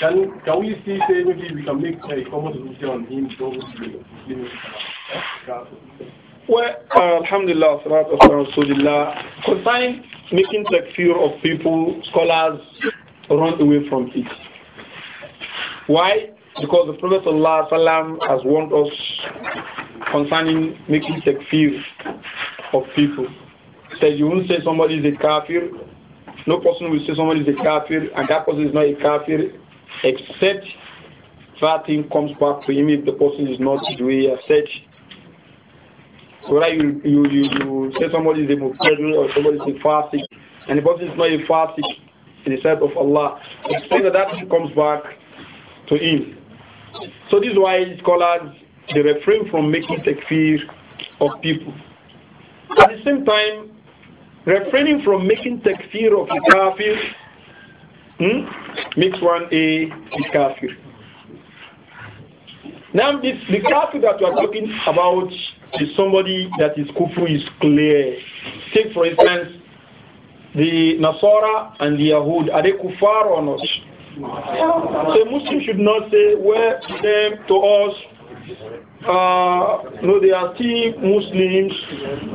Speaker 1: can can we see say maybe we can make a uh, comment on him? Well, uh, alhamdulillah, salatu Concerning making fear of people, scholars run away from it. Why? Because the Prophet ﷺ has warned us concerning making takfir of people. He said, you won't say somebody is a kafir. No person will say somebody is a kafir and that person is not a kafir except that thing comes back to him if the person is not the way he has said. So that you, you, you, you say somebody is a mubtadi or somebody is a fasik and the person is not a fasik in the sight of Allah, except that that thing comes back to him. So this is why scholars they refrain from making takfir of people. At the same time, refraining from making takfir of the kafir hmm, makes one a, kafir. Now this the kafir that we are talking about is somebody that is kufu is clear. Take for instance the Nasara and the Yahud, are they kufar or not? So Muslim should not say, well, them to us, uh, no, they are still Muslims,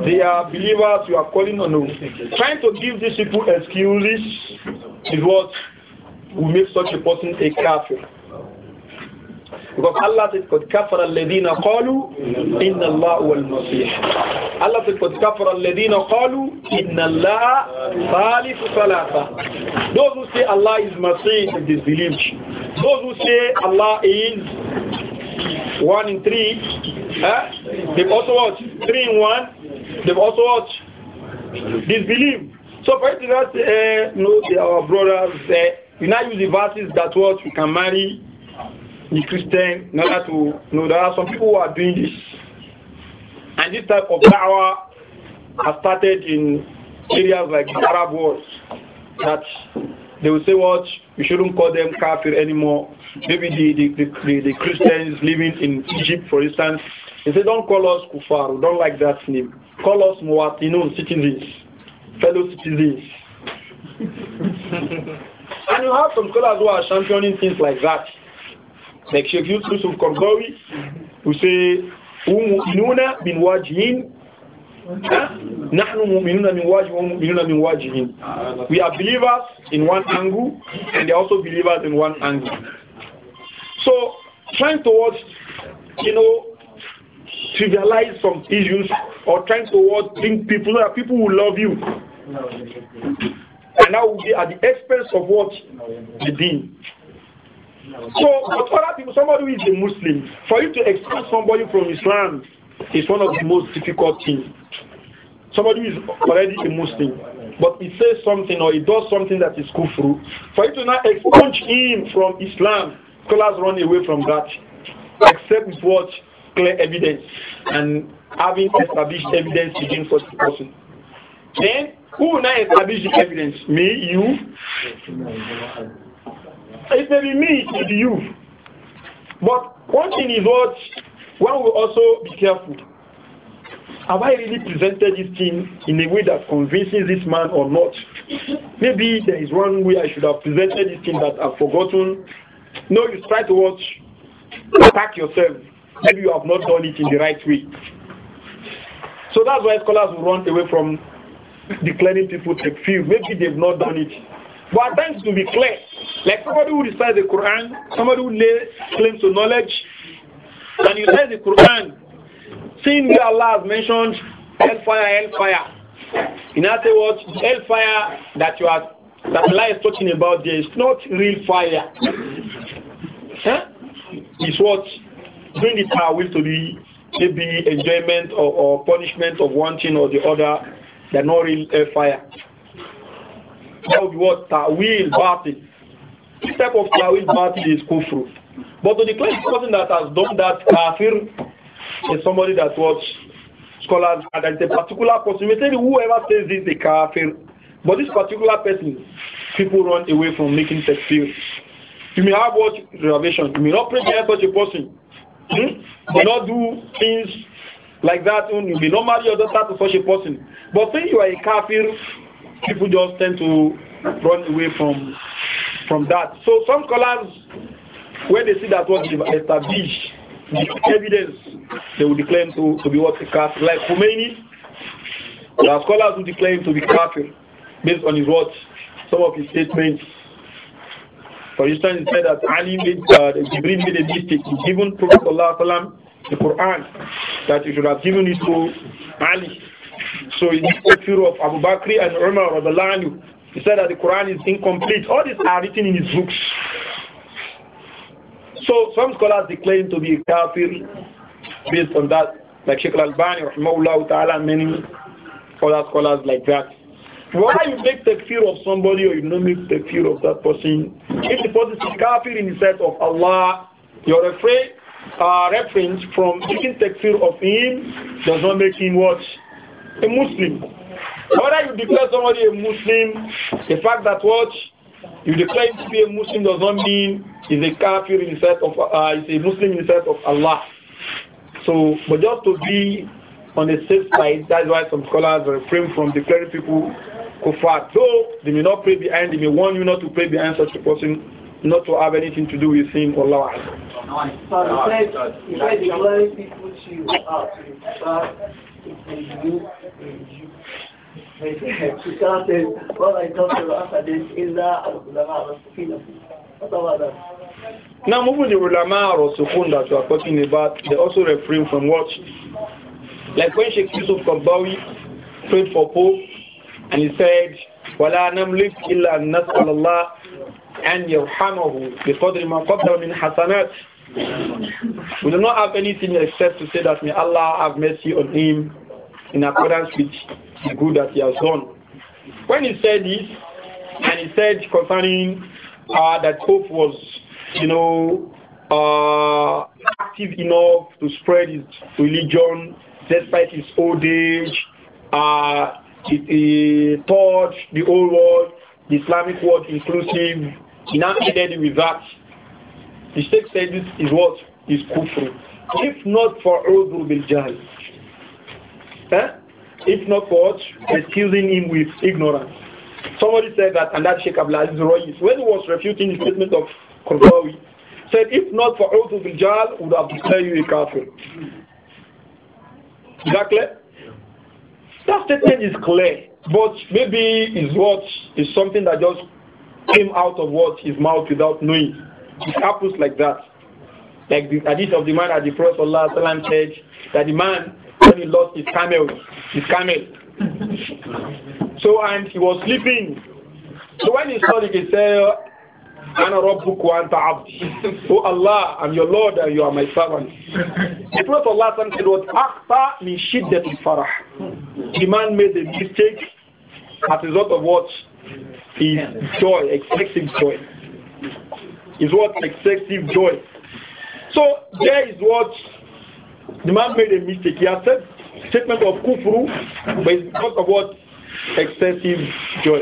Speaker 1: they are believers, you are calling on them. Trying to give these people excuses is what will make such a person a kafir. Because Allah said, قَدْ كَفَرَ الَّذِينَ قَالُوا إِنَّ اللَّهُ وَالْمَسِيحِ Allah said, قَدْ كَفَرَ الَّذِينَ قَالُوا إِنَّ اللَّهَ ثَالِثُ ثَلَاثَةً Those who say Allah is Masih disbelieve. Those who say Allah is one in three, eh? they've also watched three in one, they've also watched disbelieve. So for it eh, no, they our brothers, eh, you now use the verses that what you can marry the Christian in order to know there are some people who are doing this. And this type of power has started in areas like the Arab world that they will say what we shouldn't call them kafir anymore. Maybe the, the, the, the Christians living in Egypt, for instance, they say don't call us kufar, don't like that name. Call us muwatinun, citizens, fellow citizens. *laughs* and you have some scholars who are championing things like that. Like Sheikh Yusuf al-Qardawi, who say, مؤمنون من واجهين نحن مؤمنون من واجه ومؤمنون من واجهين We are believers in one angle and they are also believers in one angle. So trying to you know, trivialize some issues or trying to think people that people will love you. And that will be at the expense of what? The deen. So, but for people, somebody who is a Muslim, for you to expel somebody from Islam is one of the most difficult things. Somebody who is already a Muslim, but he says something or he does something that is kufru, for you to not expunge him from Islam, scholars run away from that, except with what clear evidence and having established evidence against such a person. Then who will not establish the evidence? Me, you. It may be me, it may be you. But one thing is what one will also be careful. Have I really presented this thing in a way that convinces this man or not? Maybe there is one way I should have presented this thing that I've forgotten. No, you try to watch, attack yourself. Maybe you have not done it in the right way. So that's why scholars will run away from declaring people take few. Maybe they've not done it. But at to be clear, like somebody who recites the Quran, somebody who claims to knowledge, and you recite the Quran, seeing where Allah has mentioned hellfire, hellfire. In other words, hellfire that you are that Allah is talking about there is not real fire. Huh? It's what during the power will to be maybe enjoyment or, or, punishment of one thing or the other, they're not real fire. That would be what ta'wil, batil. This type of Tawil battle is kufru. But to declare the person that has done that kafir is somebody that was scholars and that is a particular person. We whoever says this is a kafir. But this particular person, people run away from making takfir. You may have what reservation. You may not pray for such a person. Hmm? You may not do things like that. Hmm? You may not marry your daughter to such a person. But when you are a kafir, people just tend to run away from from that. So some scholars, when they see that what they've established, the evidence, they will declare to, to be what a kafir. Like Khomeini, there are scholars who declare him to be kafir based on his words, some of his statements. For instance, he said that Ali made, uh, Jibreel made a mistake. He given Prophet Allah the Quran that he should have given it to Ali. So in the fear of Abu Bakr and Umar, he said that the Quran is incomplete. All these are written in his books. So some scholars declaim to be a kafir based on that, like Sheikh Al-Bani, Rahmahullah Ta'ala, many other scholars like that. Why you make the fear of somebody or you don't make the fear of that person? If the person is kafir in the sight of Allah, you're afraid uh, reference from taking fear of him does not make him what? A Muslim. Whether you declare somebody a Muslim, the fact that what you declare to be a Muslim does not mean is a kafir in of uh, a Muslim in the sight of Allah. So, but just to be on the safe side, that's why some scholars refrain from declaring people kufar. Though they may not pray behind, they may warn you not to pray behind such a person not to have anything to do with him or Allah.
Speaker 2: So said, said people to uh, uh *laughs* she started, well, I talked to after this, إِلَّا الْعُلَمَاءَ رَسُخِينَ What about that?
Speaker 1: Now, moving the ulama or sukun that we are talking about, they also refrain from what? Like when Sheikh Yusuf Kabbawi prayed for Pope, and he said, وَلَا نَمْلِكْ إِلَّا نَسْأَلَ اللَّهِ أَنْ يَرْحَمَهُ بِقَدْرِ مَا قَدَّرَ مِنْ حَسَنَاتِ We do not have anything except to say that may Allah have mercy on him in accordance with the good that he has done. When he said this, and he said concerning uh, that Pope was, you know, uh, active enough to spread his religion despite his old age, uh, he, taught the whole world, the Islamic world inclusive. He now ended with that. The Sheikh said this is what is kufr. If not for Udhu bil Jahl, Eh? If not for what? Excusing him with ignorance. Somebody said that, and that Sheikh Abdulaziz Royis, when he was refuting the statement of Qurbawi, said, if not for Uthul Biljal, would have declared you a kafir. Is that clear? That statement is clear, but maybe is what is something that just came out of what his mouth without knowing. It happens like that. Like the hadith of the man that the Prophet ﷺ said, that the man when he lost his camel, his
Speaker 3: camel.
Speaker 1: So and he was sleeping. So when he saw it, he said, "Ana rabbuku anta abdi." Oh Allah, I'm your Lord and you are my servant. The Prophet Allah said, "What akta min shiddat farah." The man made a mistake as a result of what his joy, excessive joy, is what excessive joy. So there is what the man made a mistake. He has said statement of kufru, but it's because of what? Excessive joy.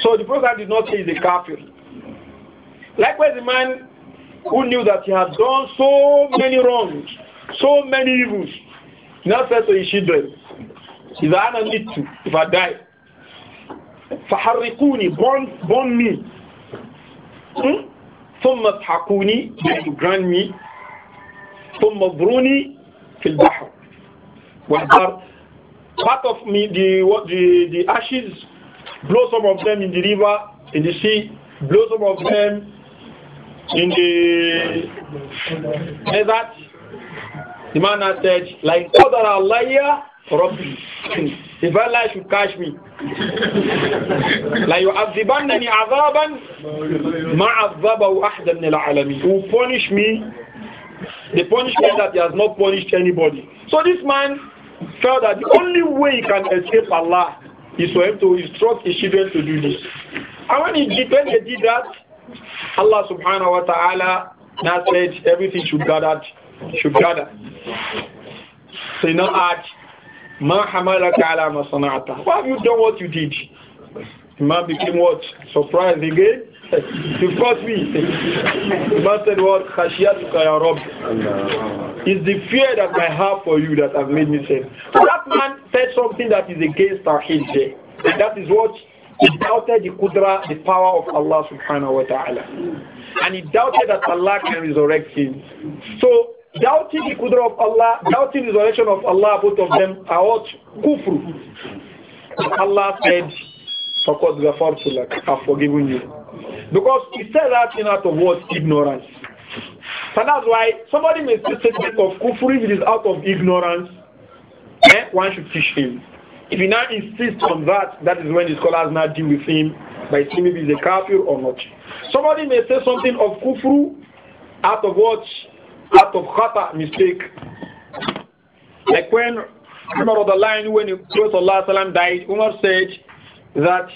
Speaker 1: So the prophet did not say he's a kafir. Likewise, the man who knew that he had done so many wrongs, so many evils, now said to his children, if I don't need to, if I die, Faharikuni, burn, burn me. Hmm? ثم اضحكوني, then you grant me ثم بروني في البحر والبر part of me the the the ashes blow some of them in the river in the sea blow some of them in the desert the man has said like other Allah Rabbi if Allah should catch me like you have the لا azaban, عذابا ما عذبه أحد nila alami who punish me The punishment that he has not punished anybody. So this man felt that the only way he can escape Allah is for him to instruct his children to do this. And when he did, when they did that, Allah subhanahu wa ta'ala now said everything should gather should gather. So you now add Ma hamalaka ala masanata. Why have you done what you did? The man became what? Surprised again you caught me. The man said, What? Khashiyatuka ya Rabbi. It's the fear that I have for you that has made me say. So that man said something that is against Tawheed And that is what he doubted the Qudra, the power of Allah subhanahu wa ta'ala. And he doubted that Allah can resurrect him. So doubting the Qudra of Allah, doubting the resurrection of Allah, both of them are what? Kufru. Allah said, فقد لَكَ I've forgiven you. Because he said that thing out of what? Ignorance. So that's why somebody may say statement of kufur if it is out of ignorance. Eh? One should teach him. If he now insists on that, that is when the scholars now deal with him by seeing if he's a kafir or not. Somebody may say something of kufru out of what? Out of khata, mistake. Like when Umar of the line, when the Prophet died, Umar said that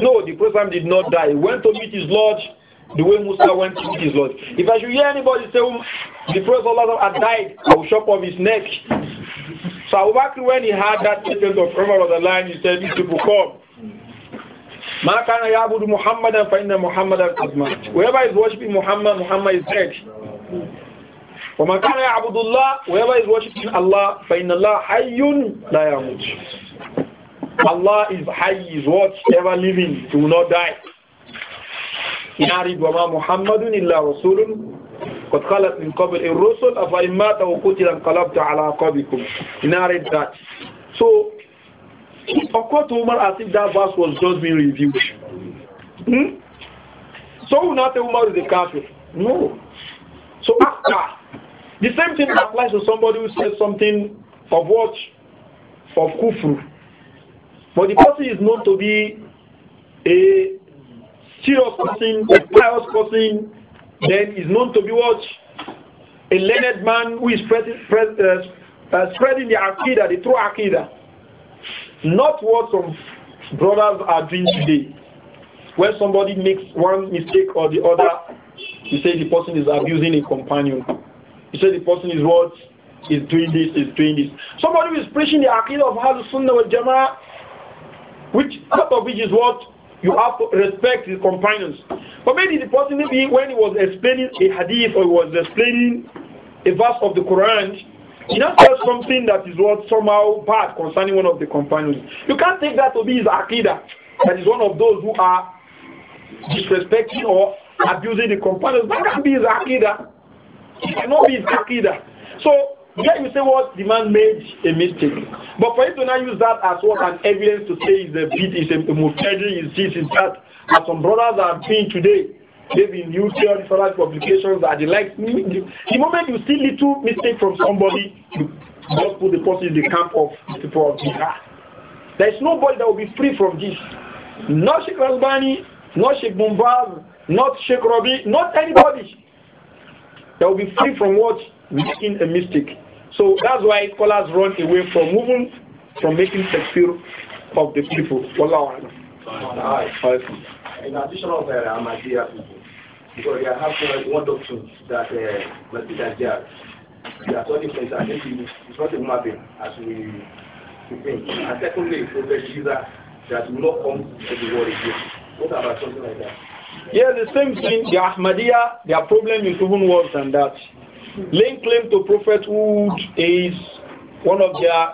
Speaker 1: no, the Prophet did not die. He went to meet his Lord the way Musa went to meet his Lord. If I should hear anybody say, um, the Prophet had died, I will chop off his neck. So Abu when he had that statement of Umar of the line, he said, these people come. ما كان يعبد محمدا فإن محمدا قد مات whoever is worshiping Muhammad Muhammad is dead وما كان يعبد الله whoever is worshiping Allah فإن الله حي لا يموت Allah is high, is watch, Ever living, do not die. Now read وَمَا مُحَمَّدٌ إِلَّا رَسُولٌ قد خلت من قبل الرسل أفإن مات وقتل انقلبت على عقابكم Now read that. So, according to Umar as if that verse was just being reviewed. Hmm? So will not say Umar is the kafir. No. So after, the same thing applies to somebody who says something of what? Of kufr. But the person is known to be a serious person, a pious person, then is known to be what? A learned man who is spreading, uh, uh, spreading the akida, the true akida. Not what some brothers are doing today. When somebody makes one mistake or the other, you say the person is abusing a companion. You say the person is what? Is doing this, is doing this. Somebody who is preaching the akida of Hazrat Sunnah wal Jama'ah which part of which is what you have to respect his companions. But maybe the person maybe when he was explaining a hadith or he was explaining a verse of the Quran, he now says something that is what somehow bad concerning one of the companions. You can't take that to be his akida. That is one of those who are disrespecting or abusing the companions. That can't be his akida. It cannot be his akida. So then you say what the man made a mistake. But for you to now use that as what an evidence to say is a bit, is a mufedi, is this, is that, as some brothers are doing today, maybe new theory for like publications that they like. The moment you see little mistake from somebody, you just put the person in the camp of people of Jihad. There is nobody that will be free from this. Not Sheikh Rasbani, not Sheikh Bombaz, not Sheikh Rabi, not anybody. They will be free from what? Making a mistake. So that's why scholars run away from moving, from making takfir of the people. Wallahu In addition of that, uh,
Speaker 2: Ahmadia people, because they have uh, one doctrine that uh, be Azhar, they are so different, I think it's not a mapping as we, we think. And secondly, Professor that will not come to the world again. What about something like that? Yeah,
Speaker 1: the same thing. The Ahmadiyya, their problem is even worse than that. Laying claim to prophethood is one of their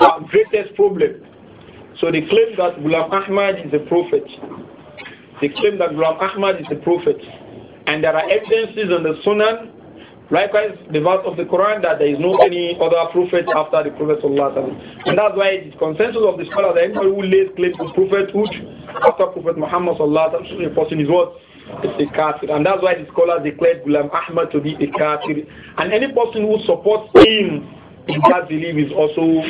Speaker 1: uh, greatest problems. So they claim that Ghulam Ahmad is a prophet. They claim that Ghulam Ahmad is a prophet. And there are evidences in the Sunan, likewise the verse of the Quran, that there is no any other prophet after the Prophet. And that's why it is consensus of the scholars that anybody who lays claim to prophethood after Prophet Muhammad, the person is what? is a kafir. And that's why the scholars declared Ghulam Ahmad to be a kafir. And any person who supports him in that belief is also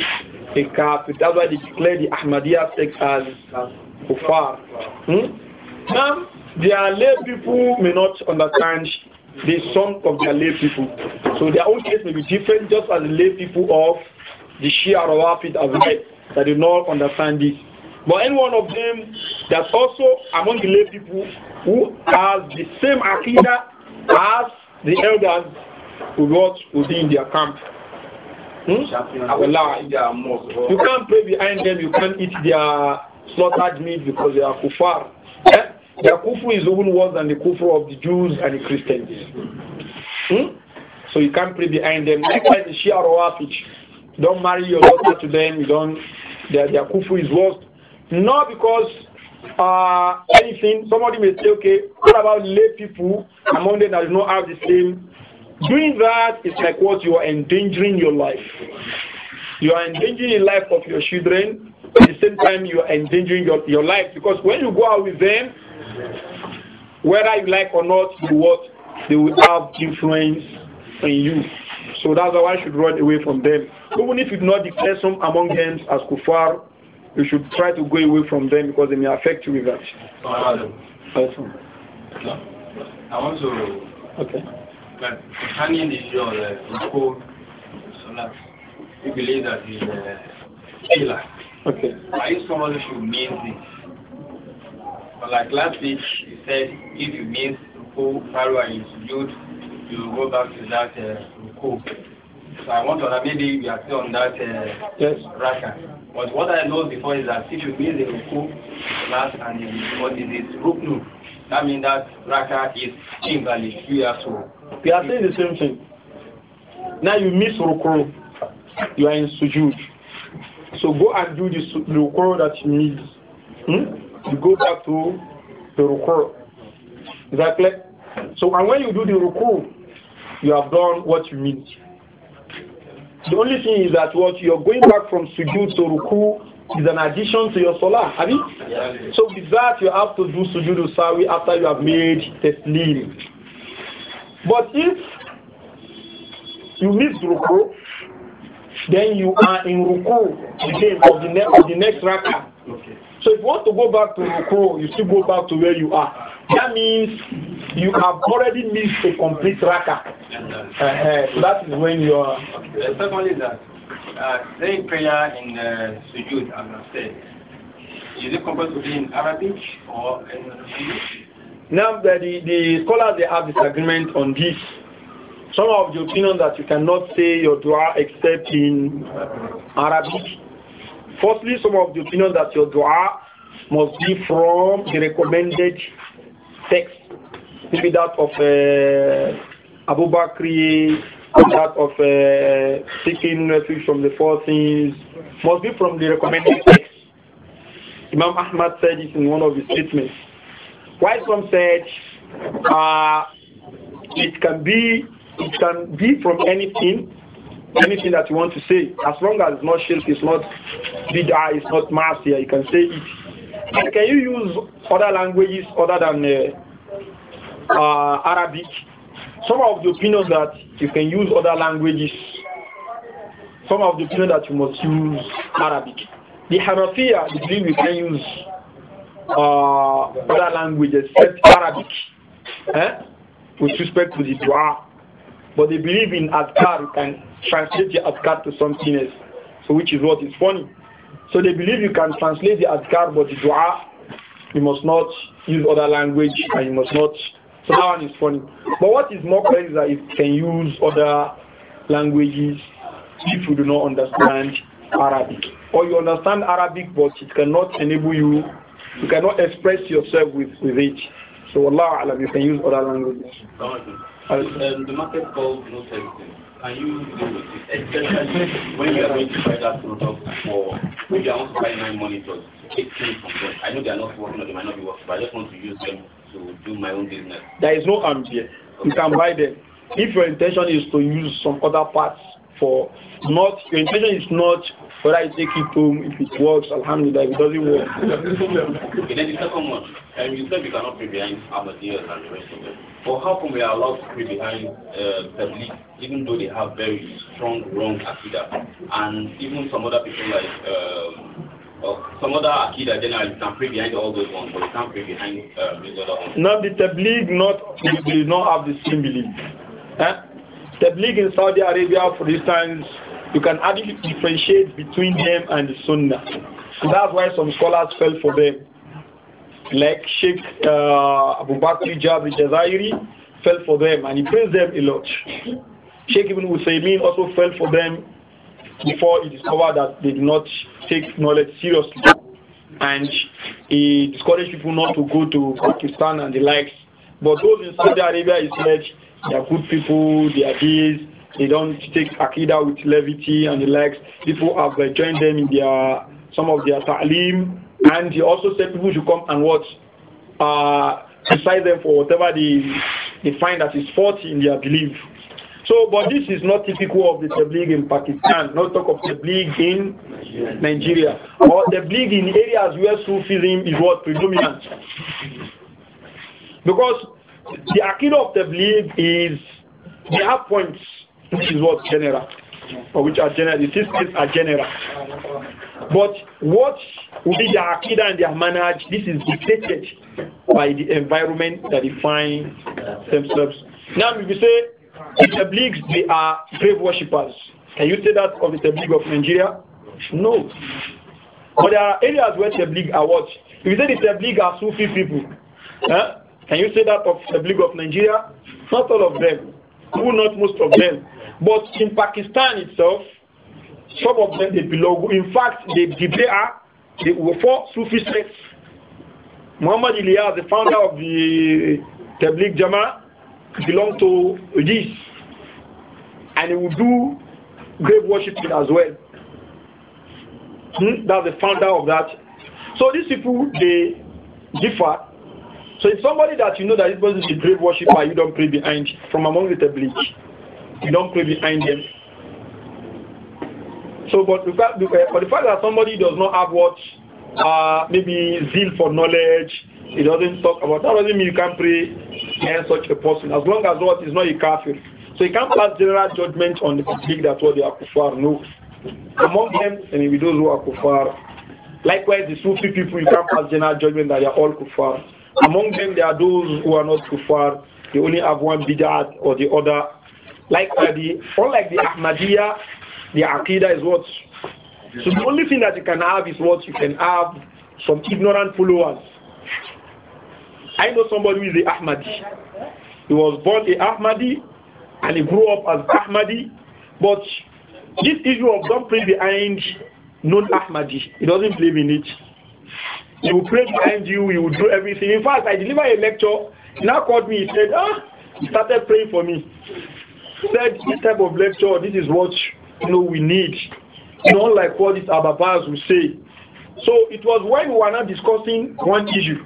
Speaker 1: a kafir. That's why they declared the Ahmadiyya sect as kufar. Hmm? Now, are lay people may not understand the song of their lay people. So their own case may be different just as the lay people of the Shia Rawafid have read that do not understand this. But any one of them that's also among the lay people who has the same akida as the elders who what within their camp. Hmm? You can't pray behind them, you can't eat their slaughtered meat because they are kufar. Eh? Their kufu is even worse than the kufu of the Jews and the Christians. Hmm? So you can't pray behind them. Likewise, the Shia Rawafij. Don't marry your daughter to them. You don't. Their, their kufu is worse not because uh, anything, somebody may say, okay, what about lay people among them that do not have the same? Doing that is like what you are endangering your life. You are endangering the life of your children. At the same time, you are endangering your, your life because when you go out with them, whether you like or not, you what they will have influence on you. So that's why I should run away from them. Even if you do not declare some among them as kufar, you should try to go away from them because they may affect you with that.
Speaker 2: I want to. Okay. But concerning the issue uh, of the solar, you believe that is a killer. Okay.
Speaker 1: Are you someone who should mean this? But like last week, he said if you mean who Farwa is good, you go back to that uh,
Speaker 2: Ruko. So I want to know maybe we are still on that uh, yes. Raka. But what I know before is that if you means the ruku, last and what is it, ruknu. That means that raka is invalid. You have to.
Speaker 1: are saying the same thing. Now you miss ruku, you are in sujud. So go and do the ruku that you need. Hmm? You go back to the ruku. Exactly. So and when you do the ruku, you have done what you need. The only thing is that what you're going back from sujood to ruku is an addition to your salah, have you? So with that, you have to do sujood usawi after you have made taslim. But if you miss ruku, then you are in ruku again for the, ne- of the next rakah. Okay. So if you want to go back to ruku, you still go back to where you are. That means you have already missed a complete raka. Uh, that is when you are.
Speaker 2: Secondly, that uh, saying prayer in uh, sujud, as I said, is it compulsory to in Arabic or in English?
Speaker 1: Now, the, the, the scholars they have disagreement on this. Some of the opinion that you cannot say your dua except in Arabic. Firstly, some of the opinion that your dua must be from the recommended text maybe that of uh, Abu Bakri, that of uh, seeking refuge from the four things, must be from the recommended text. Imam Ahmad said this in one of his statements. While some said uh, it can be it can be from anything, anything that you want to say, as long as it's not shirk, it's not bid'ah, it's not masya. you can say it. And can you use other languages other than uh, uh, Arabic. Some of the opinions that you can use other languages. Some of the opinions that you must use Arabic. The Hanafiya, believe you can use uh, other languages except Arabic eh? with respect to the dua. But they believe in ascar. you can translate the ascar to something else, so which is what is funny. So they believe you can translate the ascar, but the dua, you must not use other language and you must not so that one is funny. But what is more crazy is that you can use other languages if you do not understand Arabic. Or you understand Arabic but it cannot enable you, you cannot express yourself with, with it. So Allah Alam, you can use other languages.
Speaker 2: Um, the market calls no testing. Can you deal with Especially when you are going to buy that product for when you are also buying buy nine monitors, Take things from them. I know they are not working or they might not be working, but I just want to use them to
Speaker 1: do my own business? There is no harm here. Okay. You can buy them. If your intention is to use some other parts for not your intention is not for I take it home if it works, alhamdulillah, if it doesn't work.
Speaker 2: okay, then the second one. Um, you said we cannot be behind Ahmadiyya and the rest of them. But how come we are allowed to be behind uh, Tabligh, even though they have very strong wrong akida? And even some other people like um, well, some other akida, then you can pray behind all those ones, but you can't pray behind uh, these other ones.
Speaker 1: Not the tabligh, not we do not have the same belief. Huh? Eh? Tabligh in Saudi Arabia, for instance, you can hardly differentiate between them and the Sunnah. So that's why some scholars fell for them. Like Sheikh uh, Abu Bakr Jabri Jazairi fell for them and he praised them a lot. Sheikh Ibn Uthaymeen also fell for them before he discovered that they do not take knowledge seriously. And he discouraged people not to go to Pakistan and the likes. But those in Saudi Arabia, he said, they are good people, they are this, they don't take Akida with levity and the likes. People have uh, joined them in their some of their ta'lim. And he also said people should come and watch, uh, them for whatever they, they find that is faulty in their belief. So, but this is not typical of the Tabligh in Pakistan, not talk of Tabligh in Nigeria, or Tabligh in areas where Sufism is what predominant. Because the Akidah of Tabligh is, they have points, which is what general, or which are general, the systems are general. But what will be the Akidah and their manage, this is dictated by the environment that define themselves. Now, if you say, the Tablighs, they are grave worshippers. Can you say that of the Tabligh of Nigeria? No. But there are areas where Tabligh are what? If you say the Tabligh are Sufi people, huh? can you say that of the Tabligh of Nigeria? Not all of them. Who not most of them. But in Pakistan itself, some of them they belong. In fact, they, they are they were four Sufi sects. Muhammad Ilyas, the founder of the Tabligh Jama'ah, belong to this. And he will do grave worshiping as well. Hmm? That's the founder of that. So these people, they differ. So if somebody that you know that is supposed to be grave worshipper, you don't pray behind from among the tabligh. You don't pray behind them. So, but the fact, but the fact that somebody does not have what uh, maybe zeal for knowledge, he doesn't talk about that doesn't mean you can't pray yeah, such a person, as long as what is not a kafir. So you can't pass general judgment on the public that what they are kufar. No. Among them, and with those who are kufar. Likewise, the Sufi people, you can't pass general judgment that they are all kufar. Among them, there are those who are not kufar. They only have one bid'at or the other. Likewise, the, unlike the Ahmadiyya, the Aqidah is what. So the only thing that you can have is what you can have some ignorant followers I know somebody who is a Ahmadi. He was born a Ahmadi and he grew up as Ahmadi. But this issue of don't pray behind non Ahmadi, he doesn't believe in it. He will pray behind you, he will do everything. In fact, I delivered a lecture. He now called me, he said, ah, he started praying for me. He said, this type of lecture, this is what you know we need. Not like what these Ababas will say. So it was when we were not discussing one issue.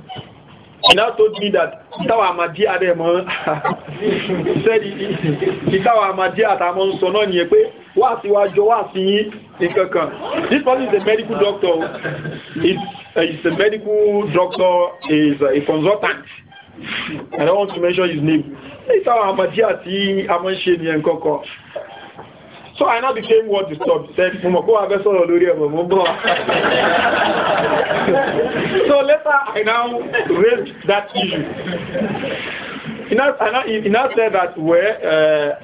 Speaker 1: She now told me that ìtawà àmàdí àrẹ mọ́ said ìtawà àmàdí àtàmọ́ sọ náà nìyẹn pé wá sí wá jọ wá sí This one is a medical doctor. It's, uh, it's a medical doctor, is uh, a consultant. I don't want to mention his name. Ìtawà àmàdí àti àmọ́ ṣe nìyẹn So I now became what disturbed. Said, *laughs* So later I now raised that issue. He now, I now, he now said that where, uh,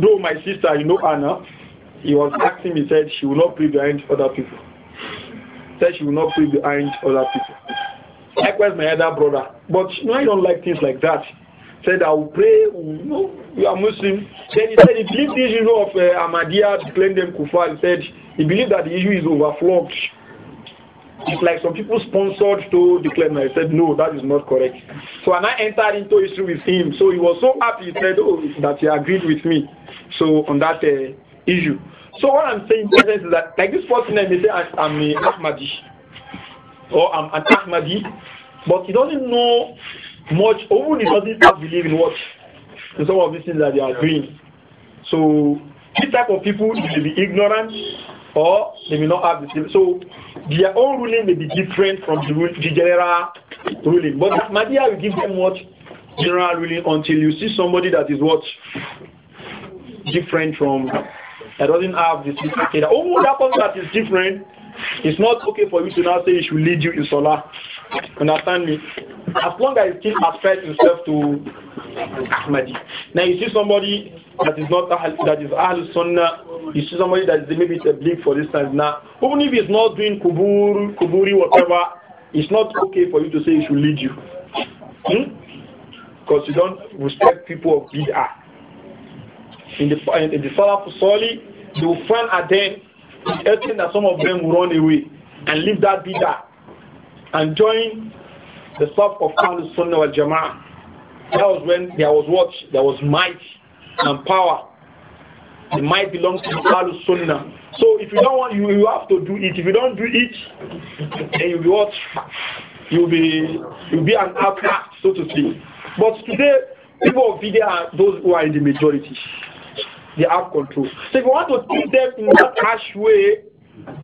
Speaker 1: though my sister, you know Anna, he was asking me, said she will not pray behind other people. Said she will not pray behind other people. Likewise, my other brother. But you know, I don't like things like that said, I will pray. No, you are Muslim. Then he said, he believed the issue of uh, Ahmadiyya declaring them kuffar. He said, he believed that the issue is overflown. It's like some people sponsored to declare I said, no, that is not correct. So when I entered into issue with him, so he was so happy, he said, oh, that he agreed with me. So on that uh, issue. So what I'm saying is that, like this person, I may say, I'm an Ahmadi, or I'm an Ahmadi, but he doesn't know much, even if does do not believe in what in some of these things that they are doing. So this type of people they may be ignorant or they may not have the same. So their own ruling may be different from the, the general ruling. But Madia will give them what general ruling until you see somebody that is what different from that doesn't have the same. Okay, the only that person that is different, it's not okay for you to now say it should lead you in solar. Understand me? As long as he ascribes himself to Ahmadi. Now you see somebody that is not that is Ahl Sunnah, you see somebody that is maybe a Tabligh for instance now, even if he's not doing Kubur, Kuburi, whatever, it's not okay for you to say he should lead you. Because hmm? you don't respect people of Bid'ah. In the, in the Salaf Soli, you will find at them, that some of them will run away and leave that Bid'ah and joined the staff of Ahlul Sunnah wal Jama'ah. That was when there was what? There was might and power. The might belongs to Ahlul Sunnah. So if you don't want, you, you have to do it. If you don't do it, then you'll be what? You'll be, you'll be an outcast, so to speak. But today, people of video are those who are in the majority. They have control. So if you want to treat them in that harsh way,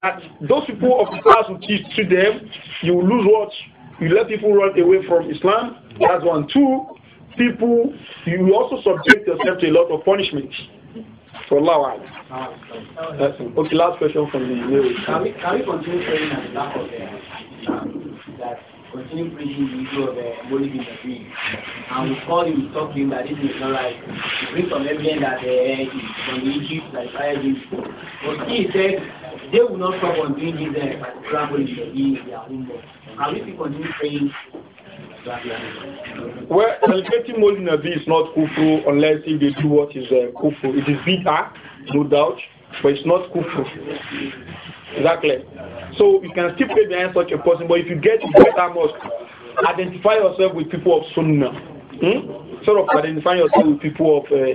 Speaker 1: that those people of the class who teach to them, you lose what? You let people run away from Islam. That's one. Two, people, you also subject yourself to a lot of punishment. So Allah That's Okay, last question from the email. Can we, can we continue praying at the back of
Speaker 2: the, um, that continue preaching the issue of uh, believing the And we call him, talk to him that this is not right. We bring some evidence that uh, from the Egypt, that I did. But he said, they will not stop on doing this uh, eh, traveling
Speaker 1: in their own body. Can we praying? Well, celebrating Modi Nabi is not kufu unless if they do what is uh, It is bid'ah, no doubt, but it's not kufu. Exactly. So you can still pray behind such a person, but if you get better mosque, identify yourself with people of Sunnah. Hmm? Sort of identify yourself with people of uh,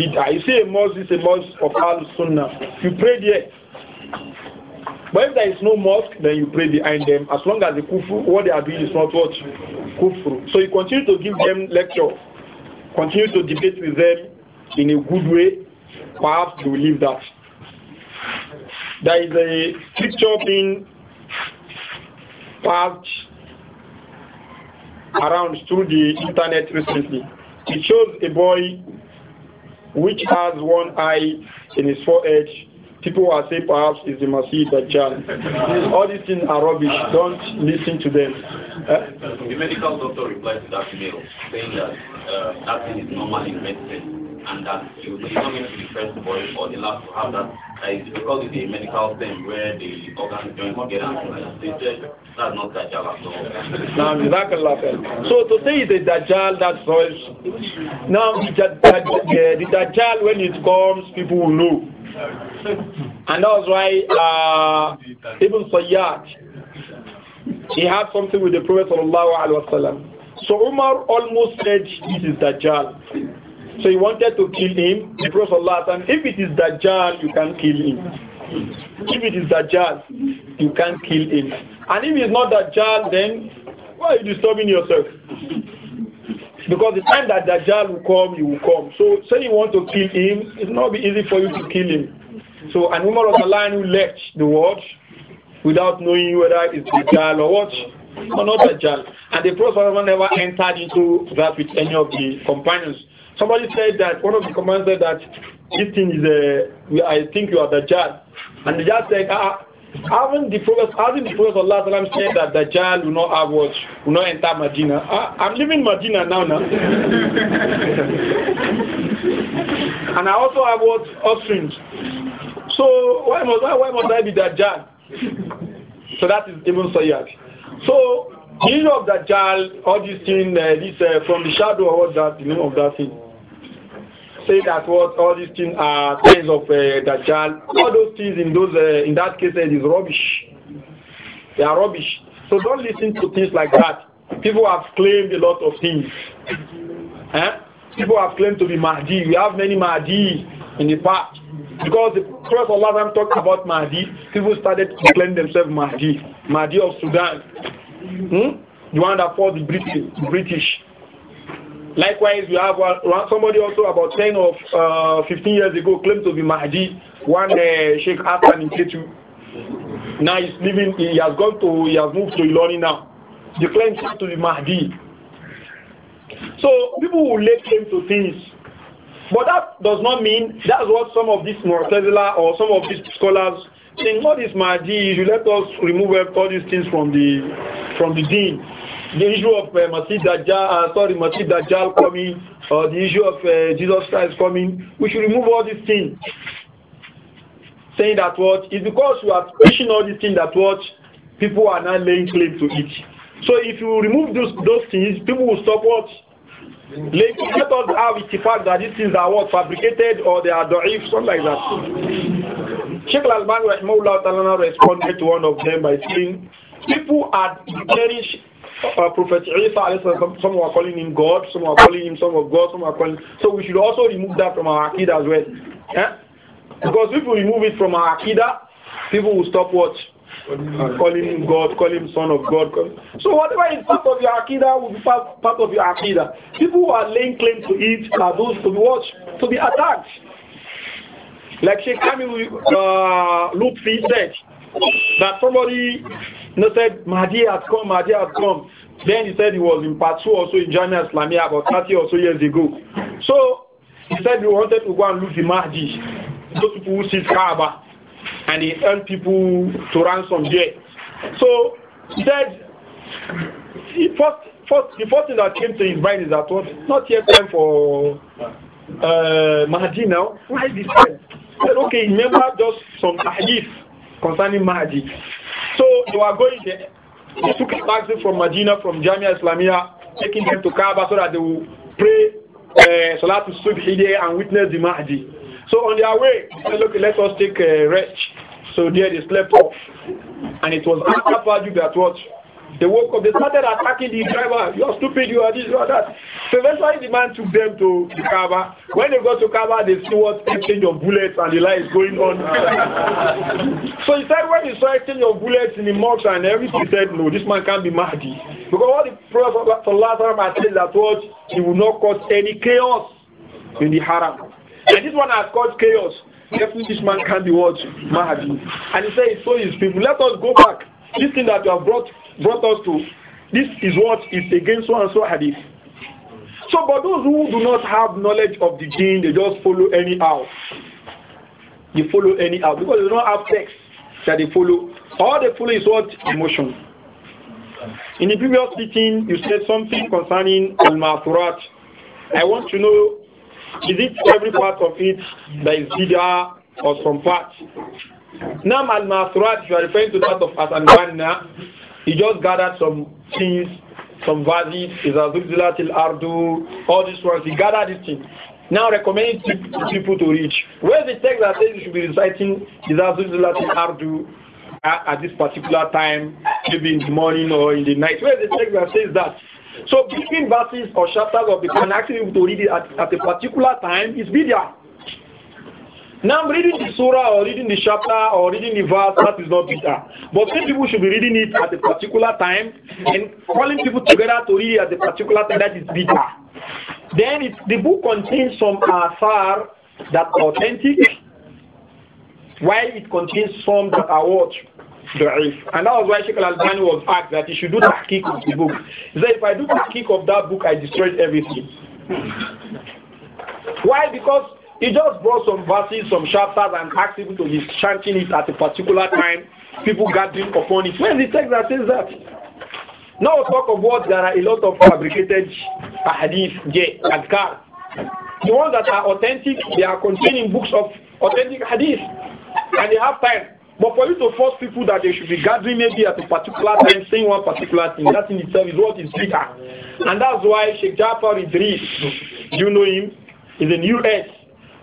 Speaker 1: bid'ah. You see a mosque is a mosque of Al Sunnah. You pray there. But if there is no mosque, then you pray behind them as long as the kufru, what they are doing is not what? Kufru. So you continue to give them lecture, continue to debate with them in a good way, perhaps you will leave that. There is a scripture being passed around through the internet recently. It shows a boy which has one eye in his forehead People are saying perhaps it's the that child. All these things are rubbish. Don't listen to them.
Speaker 2: Eh? The medical doctor replied to that email saying that uh, that thing is normal in medicine and that you do not need to be the first boy or the last to have that. Uh, it's because it's a medical thing where the is join together get out. that's not Dajjal at
Speaker 1: all. so to say it's a Dajjal, that's noise. Now, the, the, the, the Dajjal, when it comes, people will know. And that was why uh, Ibn Sayyad, he had something with the Prophet wasallam. So Umar almost said, this is Dajjal. So he wanted to kill him. The Prophet said, if it is Dajjal, you can kill him. If it is Dajjal, you can kill him. And if it is not Dajjal, then why are you disturbing yourself? Because the time that Dajjal will come, he will come. So say you want to kill him, it will not be easy for you to kill him. So an woman of the line who left the watch without knowing whether it's Dajjal or what, or not Dajjal. And the Prophet never entered into that with any of the companions. Somebody said that, one of the companions said that, this thing is a, I think you are Dajjal. And Dajjal said, ah, haven't the Prophet, hasn't the Prophet Allah said that Dajjal will not have what, will not enter Medina? I, am leaving Medina now, now. *laughs* and I also have what, offspring. So why must I, why must I be Dajjal? So that is Ibn Sayyad. So the issue of Dajjal, all this thing, uh, this uh, from the shadow, what that, the name of that thing say that what all these things are signs of uh, Dajjal, all those things in those uh, in that case is rubbish. They are rubbish. So don't listen to things like that. People have claimed a lot of things. Eh? People have claimed to be Mahdi. We have many Mahdi in the past. Because the Prophet Allah talked about Mahdi, people started to claim themselves Mahdi. Mahdi of Sudan. Hmm? The one that fought the British. Likewise, we have one, somebody also about 10 or uh, 15 years ago claimed to be Mahdi, one uh, Sheikh Hassan in Ketu. Now he's living, he has gone to, he has moved to Ilori now. He claims to be Mahdi. So people will lay claim to things. But that does not mean that's what some of these Mu'tazila or some of these scholars think, what is Mahdi? You let us remove all these things from the, from the deen the issue of uh, Masih Dajjal, uh, sorry, Masih Dajjal coming, or the issue of uh, Jesus Christ coming, we should remove all these things. Saying that what is because we are pushing all these things that what people are not laying claim to it. So if you remove those those things, people will stop what. Let, let us have it the fact that these things are what fabricated or they are da'if, something like that. Sheikh Al-Albani responded to one of them by saying, people are declaring uh, Prophet Isa, some are calling him God, some are calling him some of God, some are calling. So we should also remove that from our Akida as well. Yeah? Because if we remove it from our Akida, people will stop what? Calling him God, Calling him son of God. So whatever is part of your Akida will be part, part of your Akida. People who are laying claim to it are those to be watched, to be attacked. Like Sheikh Kamil uh, Lutfi said, that somebody said, Mahdi had come, Mahdi had come. Then he said he was in part two also in Jamia Islamia about 30 or so years ago. So he said he wanted to go and look the Mahdi, those people who see Kaaba, and he told people to ransom there. So he said, he first, first, the first thing that came to his mind is that what, not yet time for uh, Mahdi now. Why this time? He said, okay, remember just some hadith concerning Mahdi. So they were going there. They took a taxi from Medina, from Jamia Islamia, taking them to Kaaba so that they will pray uh, eh, to Subhi there and witness the Mahdi. So on their way, they said, look, let us take a eh, rest. So there they slept off. And it was after Fajr that what? They woke up, they started attacking the driver. You are stupid, you are this, you are that. So eventually the man took them to the Kaaba. When they got to Kaaba, they see what exchange of bullets and the lies going on. *laughs* so he said when he saw exchange of bullets in the mosque and everything, he said, no, this man can't be Mahdi. Because all the Prophet had said that what, he will not cause any chaos in the Haram. And this one has caused chaos. Definitely this man can't be what? Mahdi. And he said he told his people, let us go back this thing that you have brought brought us to, this is what is against so and so hadith. So, but those who do not have knowledge of the deen, they just follow anyhow. They follow anyhow because they don't have text that they follow. All they follow is what? Emotion. In the previous meeting, you said something concerning al ma'thurat I want to know is it every part of it that is bid'ah or some part? Now, al masurat you are referring to that of as anwana. He just gathered some things, some vases, is azubzilatil ardu, all these ones. He gathered these things. Now recommending people to reach. Where the text that says you should be reciting is azubzilatil ardu at, uh, at this particular time, maybe in the morning or in the night. Where the text that says that? So between verses or chapters of the Quran, actually to read it at, at a particular time is bid'ah. Now, I'm reading the surah or reading the chapter or reading the verse, that is not bitter, But some people should be reading it at a particular time and calling people together to read at a particular time, that is bitter. Then it, the book contains some asar that are authentic, while it contains some that are what? Da'if. And that was why Sheikh Al-Albani was asked that he should do kick of the book. He said, if I do kick of that book, I destroy everything. why? Because he just brought some verses, some chapters, and asked people to be chanting it at a particular time, people gathering upon it. Where is the text that says that? Now talk of what there are a lot of fabricated hadith, yeah, car. The ones that are authentic, they are containing books of authentic hadith, and they have time. But for you to force people that they should be gathering maybe at a particular time, saying one particular thing, that in itself is what is bigger. And that's why Sheikh Jafar Idris, you know him, is in US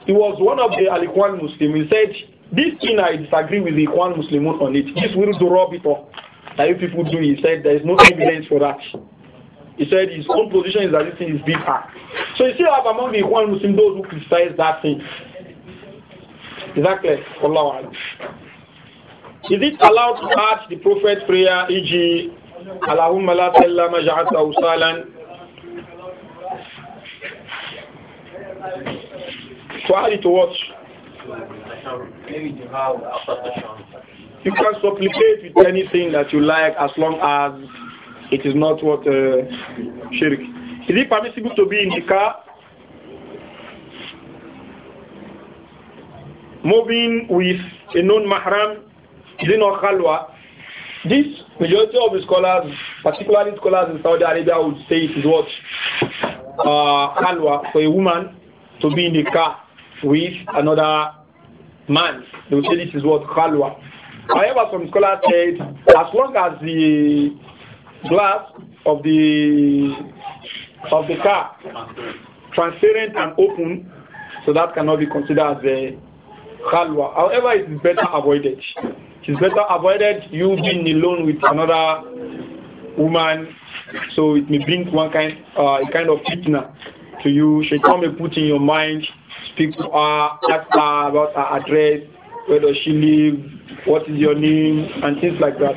Speaker 1: he was one of the Al-Ikhwan Muslim. He said, this thing I disagree with the Ikhwan Muslim on it. This will do rub it off. That people do, he said, there is no evidence for that. He said his own position is that this thing is bigger. So you still have among the Ikhwan Muslim those who criticize that thing. Exactly. Allah Is it allowed to ask the Prophet prayer, e.g., Allahumma la ma ja'ata
Speaker 3: usalan?
Speaker 1: To add to watch. You can supplicate with anything that you like as long as it is not what uh, shirk. Is it permissible to be in the car? Moving with a non-mahram, is it not khalwa? This majority of the scholars, particularly scholars in Saudi Arabia, would say it is what? Uh, khalwa for a woman to be in the car with another man. They will say this is what khalwa. However, some scholars said as long as the glass of the of the car transparent and open, so that cannot be considered as a khalwa. However, it is better avoided. It is better avoided you being alone with another woman, so it may bring one kind uh, a kind of fitna to you. Shaitan may put in your mind, speak to her, ask her about her address, where does she live, what is your name, and things like that.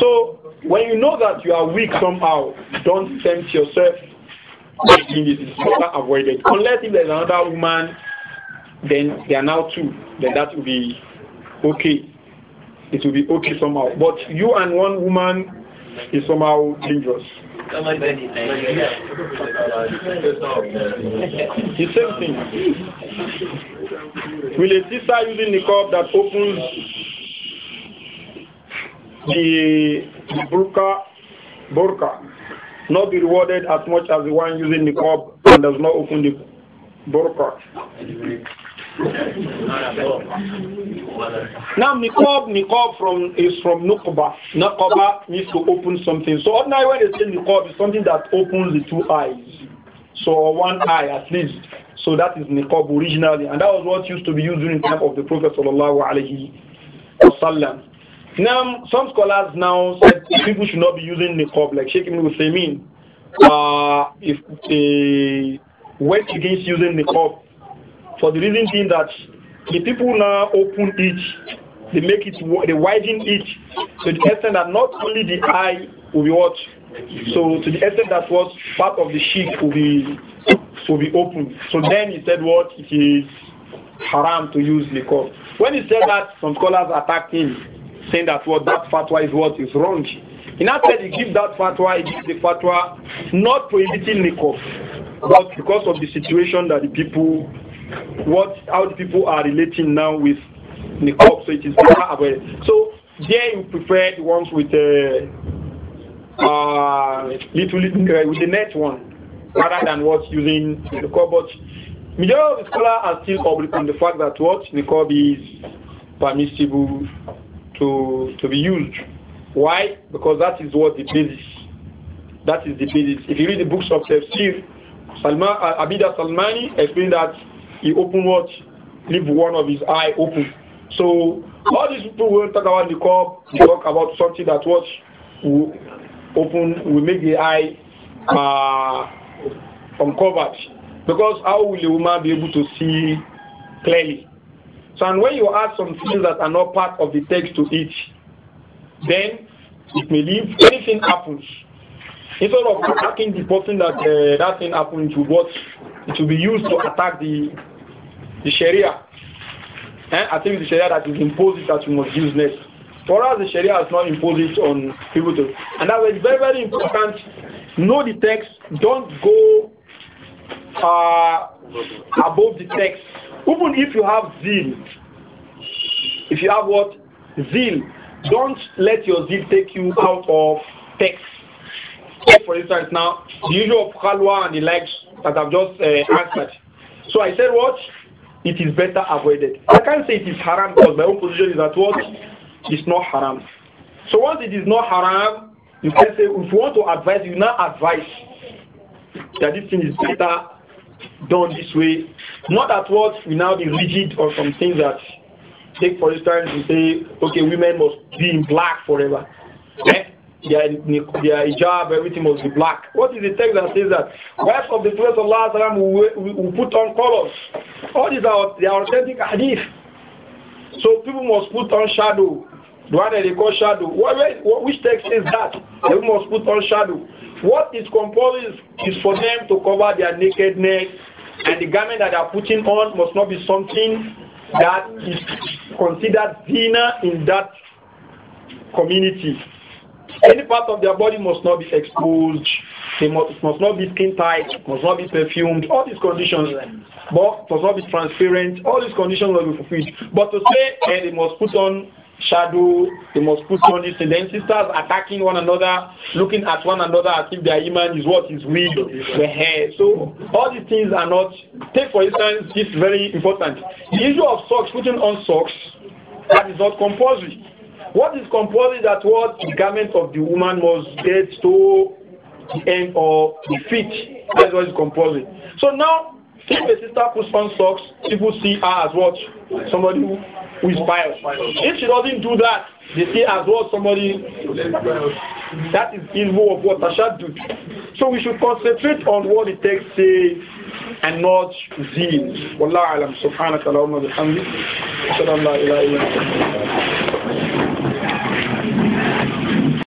Speaker 1: So when you know that you are weak somehow, don't tempt yourself. This is better avoided. Unless if there's another woman, then there are now two, then that will be okay. It will be okay somehow. But you and one woman is somehow dangerous. The same thing. Will a sister using the cup that opens the burka, burka, not be rewarded as much as the one using the cup and does not open the burqa? Now niqab, niqab from is from nukba nukba means to open something. So ordinarily when they say niqab is something that opens the two eyes. So one eye at least. So that is niqab originally. And that was what used to be used during the time of the Prophet sallallahu alaihi wasallam. Now some scholars now said people should not be using niqab like Sheikh Ibn Uthaymeen. Uh, if they uh, went against using niqab for the reason being that the people now open it, they make it, they widen it to the extent that not only the eye will be what, so to the extent that what part of the sheep will be will be open. So then he said what it is haram to use liquor. When he said that, some scholars attacked him, saying that what that fatwa is what is wrong. He now said he give that fatwa, he give the fatwa not prohibiting liquor, but because of the situation that the people what how people are relating now with niqab, so it is better So there you prefer the ones with the uh, uh little, uh, with the net one rather than what using the But Majority of the scholars are still public on the fact that what niqab is permissible to to be used. Why? Because that is what the basis. That is the basis. If you read the books of Tafsir, Salman, uh, Abida Salmani explained that he opened what? Leave one of his eye open. So all these people will talk about the cup, talk about something that what will open will make the eye uh, uncovered. Because how will a woman be able to see clearly? So and when you add some things that are not part of the text to it, then it may leave anything happens. Instead of attacking the person that uh, that thing happened to what it will be used to attack the the Sharia. Eh? I think the Sharia that is imposed that we must use next. For us, the Sharia has not imposed it on people to. And that was very, very important. Know the text. Don't go uh, above the text. Even if you have zeal, if you have what? Zeal. Don't let your zeal take you out of text. Take for instance now, the issue of halwa and the likes that I've just uh, answered. So I said what? it is better avoided. I can't say it is haram because my own position is that what is not haram. So once it is not haram, you can say if you want to advise, you now advise that this thing is better done this way. Not at what we now be rigid or some things that take for instance you say, okay, women must be in black forever. Eh? their, their hijab, everything must be black. What is the text that says that? Wives of the Prophet of Allah will, will put on colors. All these are the authentic hadith. So people must put on shadow. The one that they call shadow. What, what, which text is that? They must put on shadow. What is compulsory is, for them to cover their nakedness, and the garment that they are putting on must not be something that is considered dinner in that community. Any part of their body must not be exposed. They must, must not be skin tight, must not be perfumed. All these conditions, but must not be transparent. All these conditions must be fulfilled. But to say, hey, eh, they must put on shadow, they must put on this, and then sisters attacking one another, looking at one another as if their iman is what is weak, the hair. So all these things are not. Take for instance, this very important. The issue of socks, putting on socks, that is not compulsory. What is composing that what the garment of the woman must get to the end of the feet. That's what is composing. So now, if a sister puts on socks, people see her as what? Somebody who, who is pious. If she doesn't do that, they see as well somebody that is evil of what Tasha do. So we should concentrate on what the text says and not zeal. Wallah alam subhanaka Allahumma bihamdi. Shalom la ilaha illa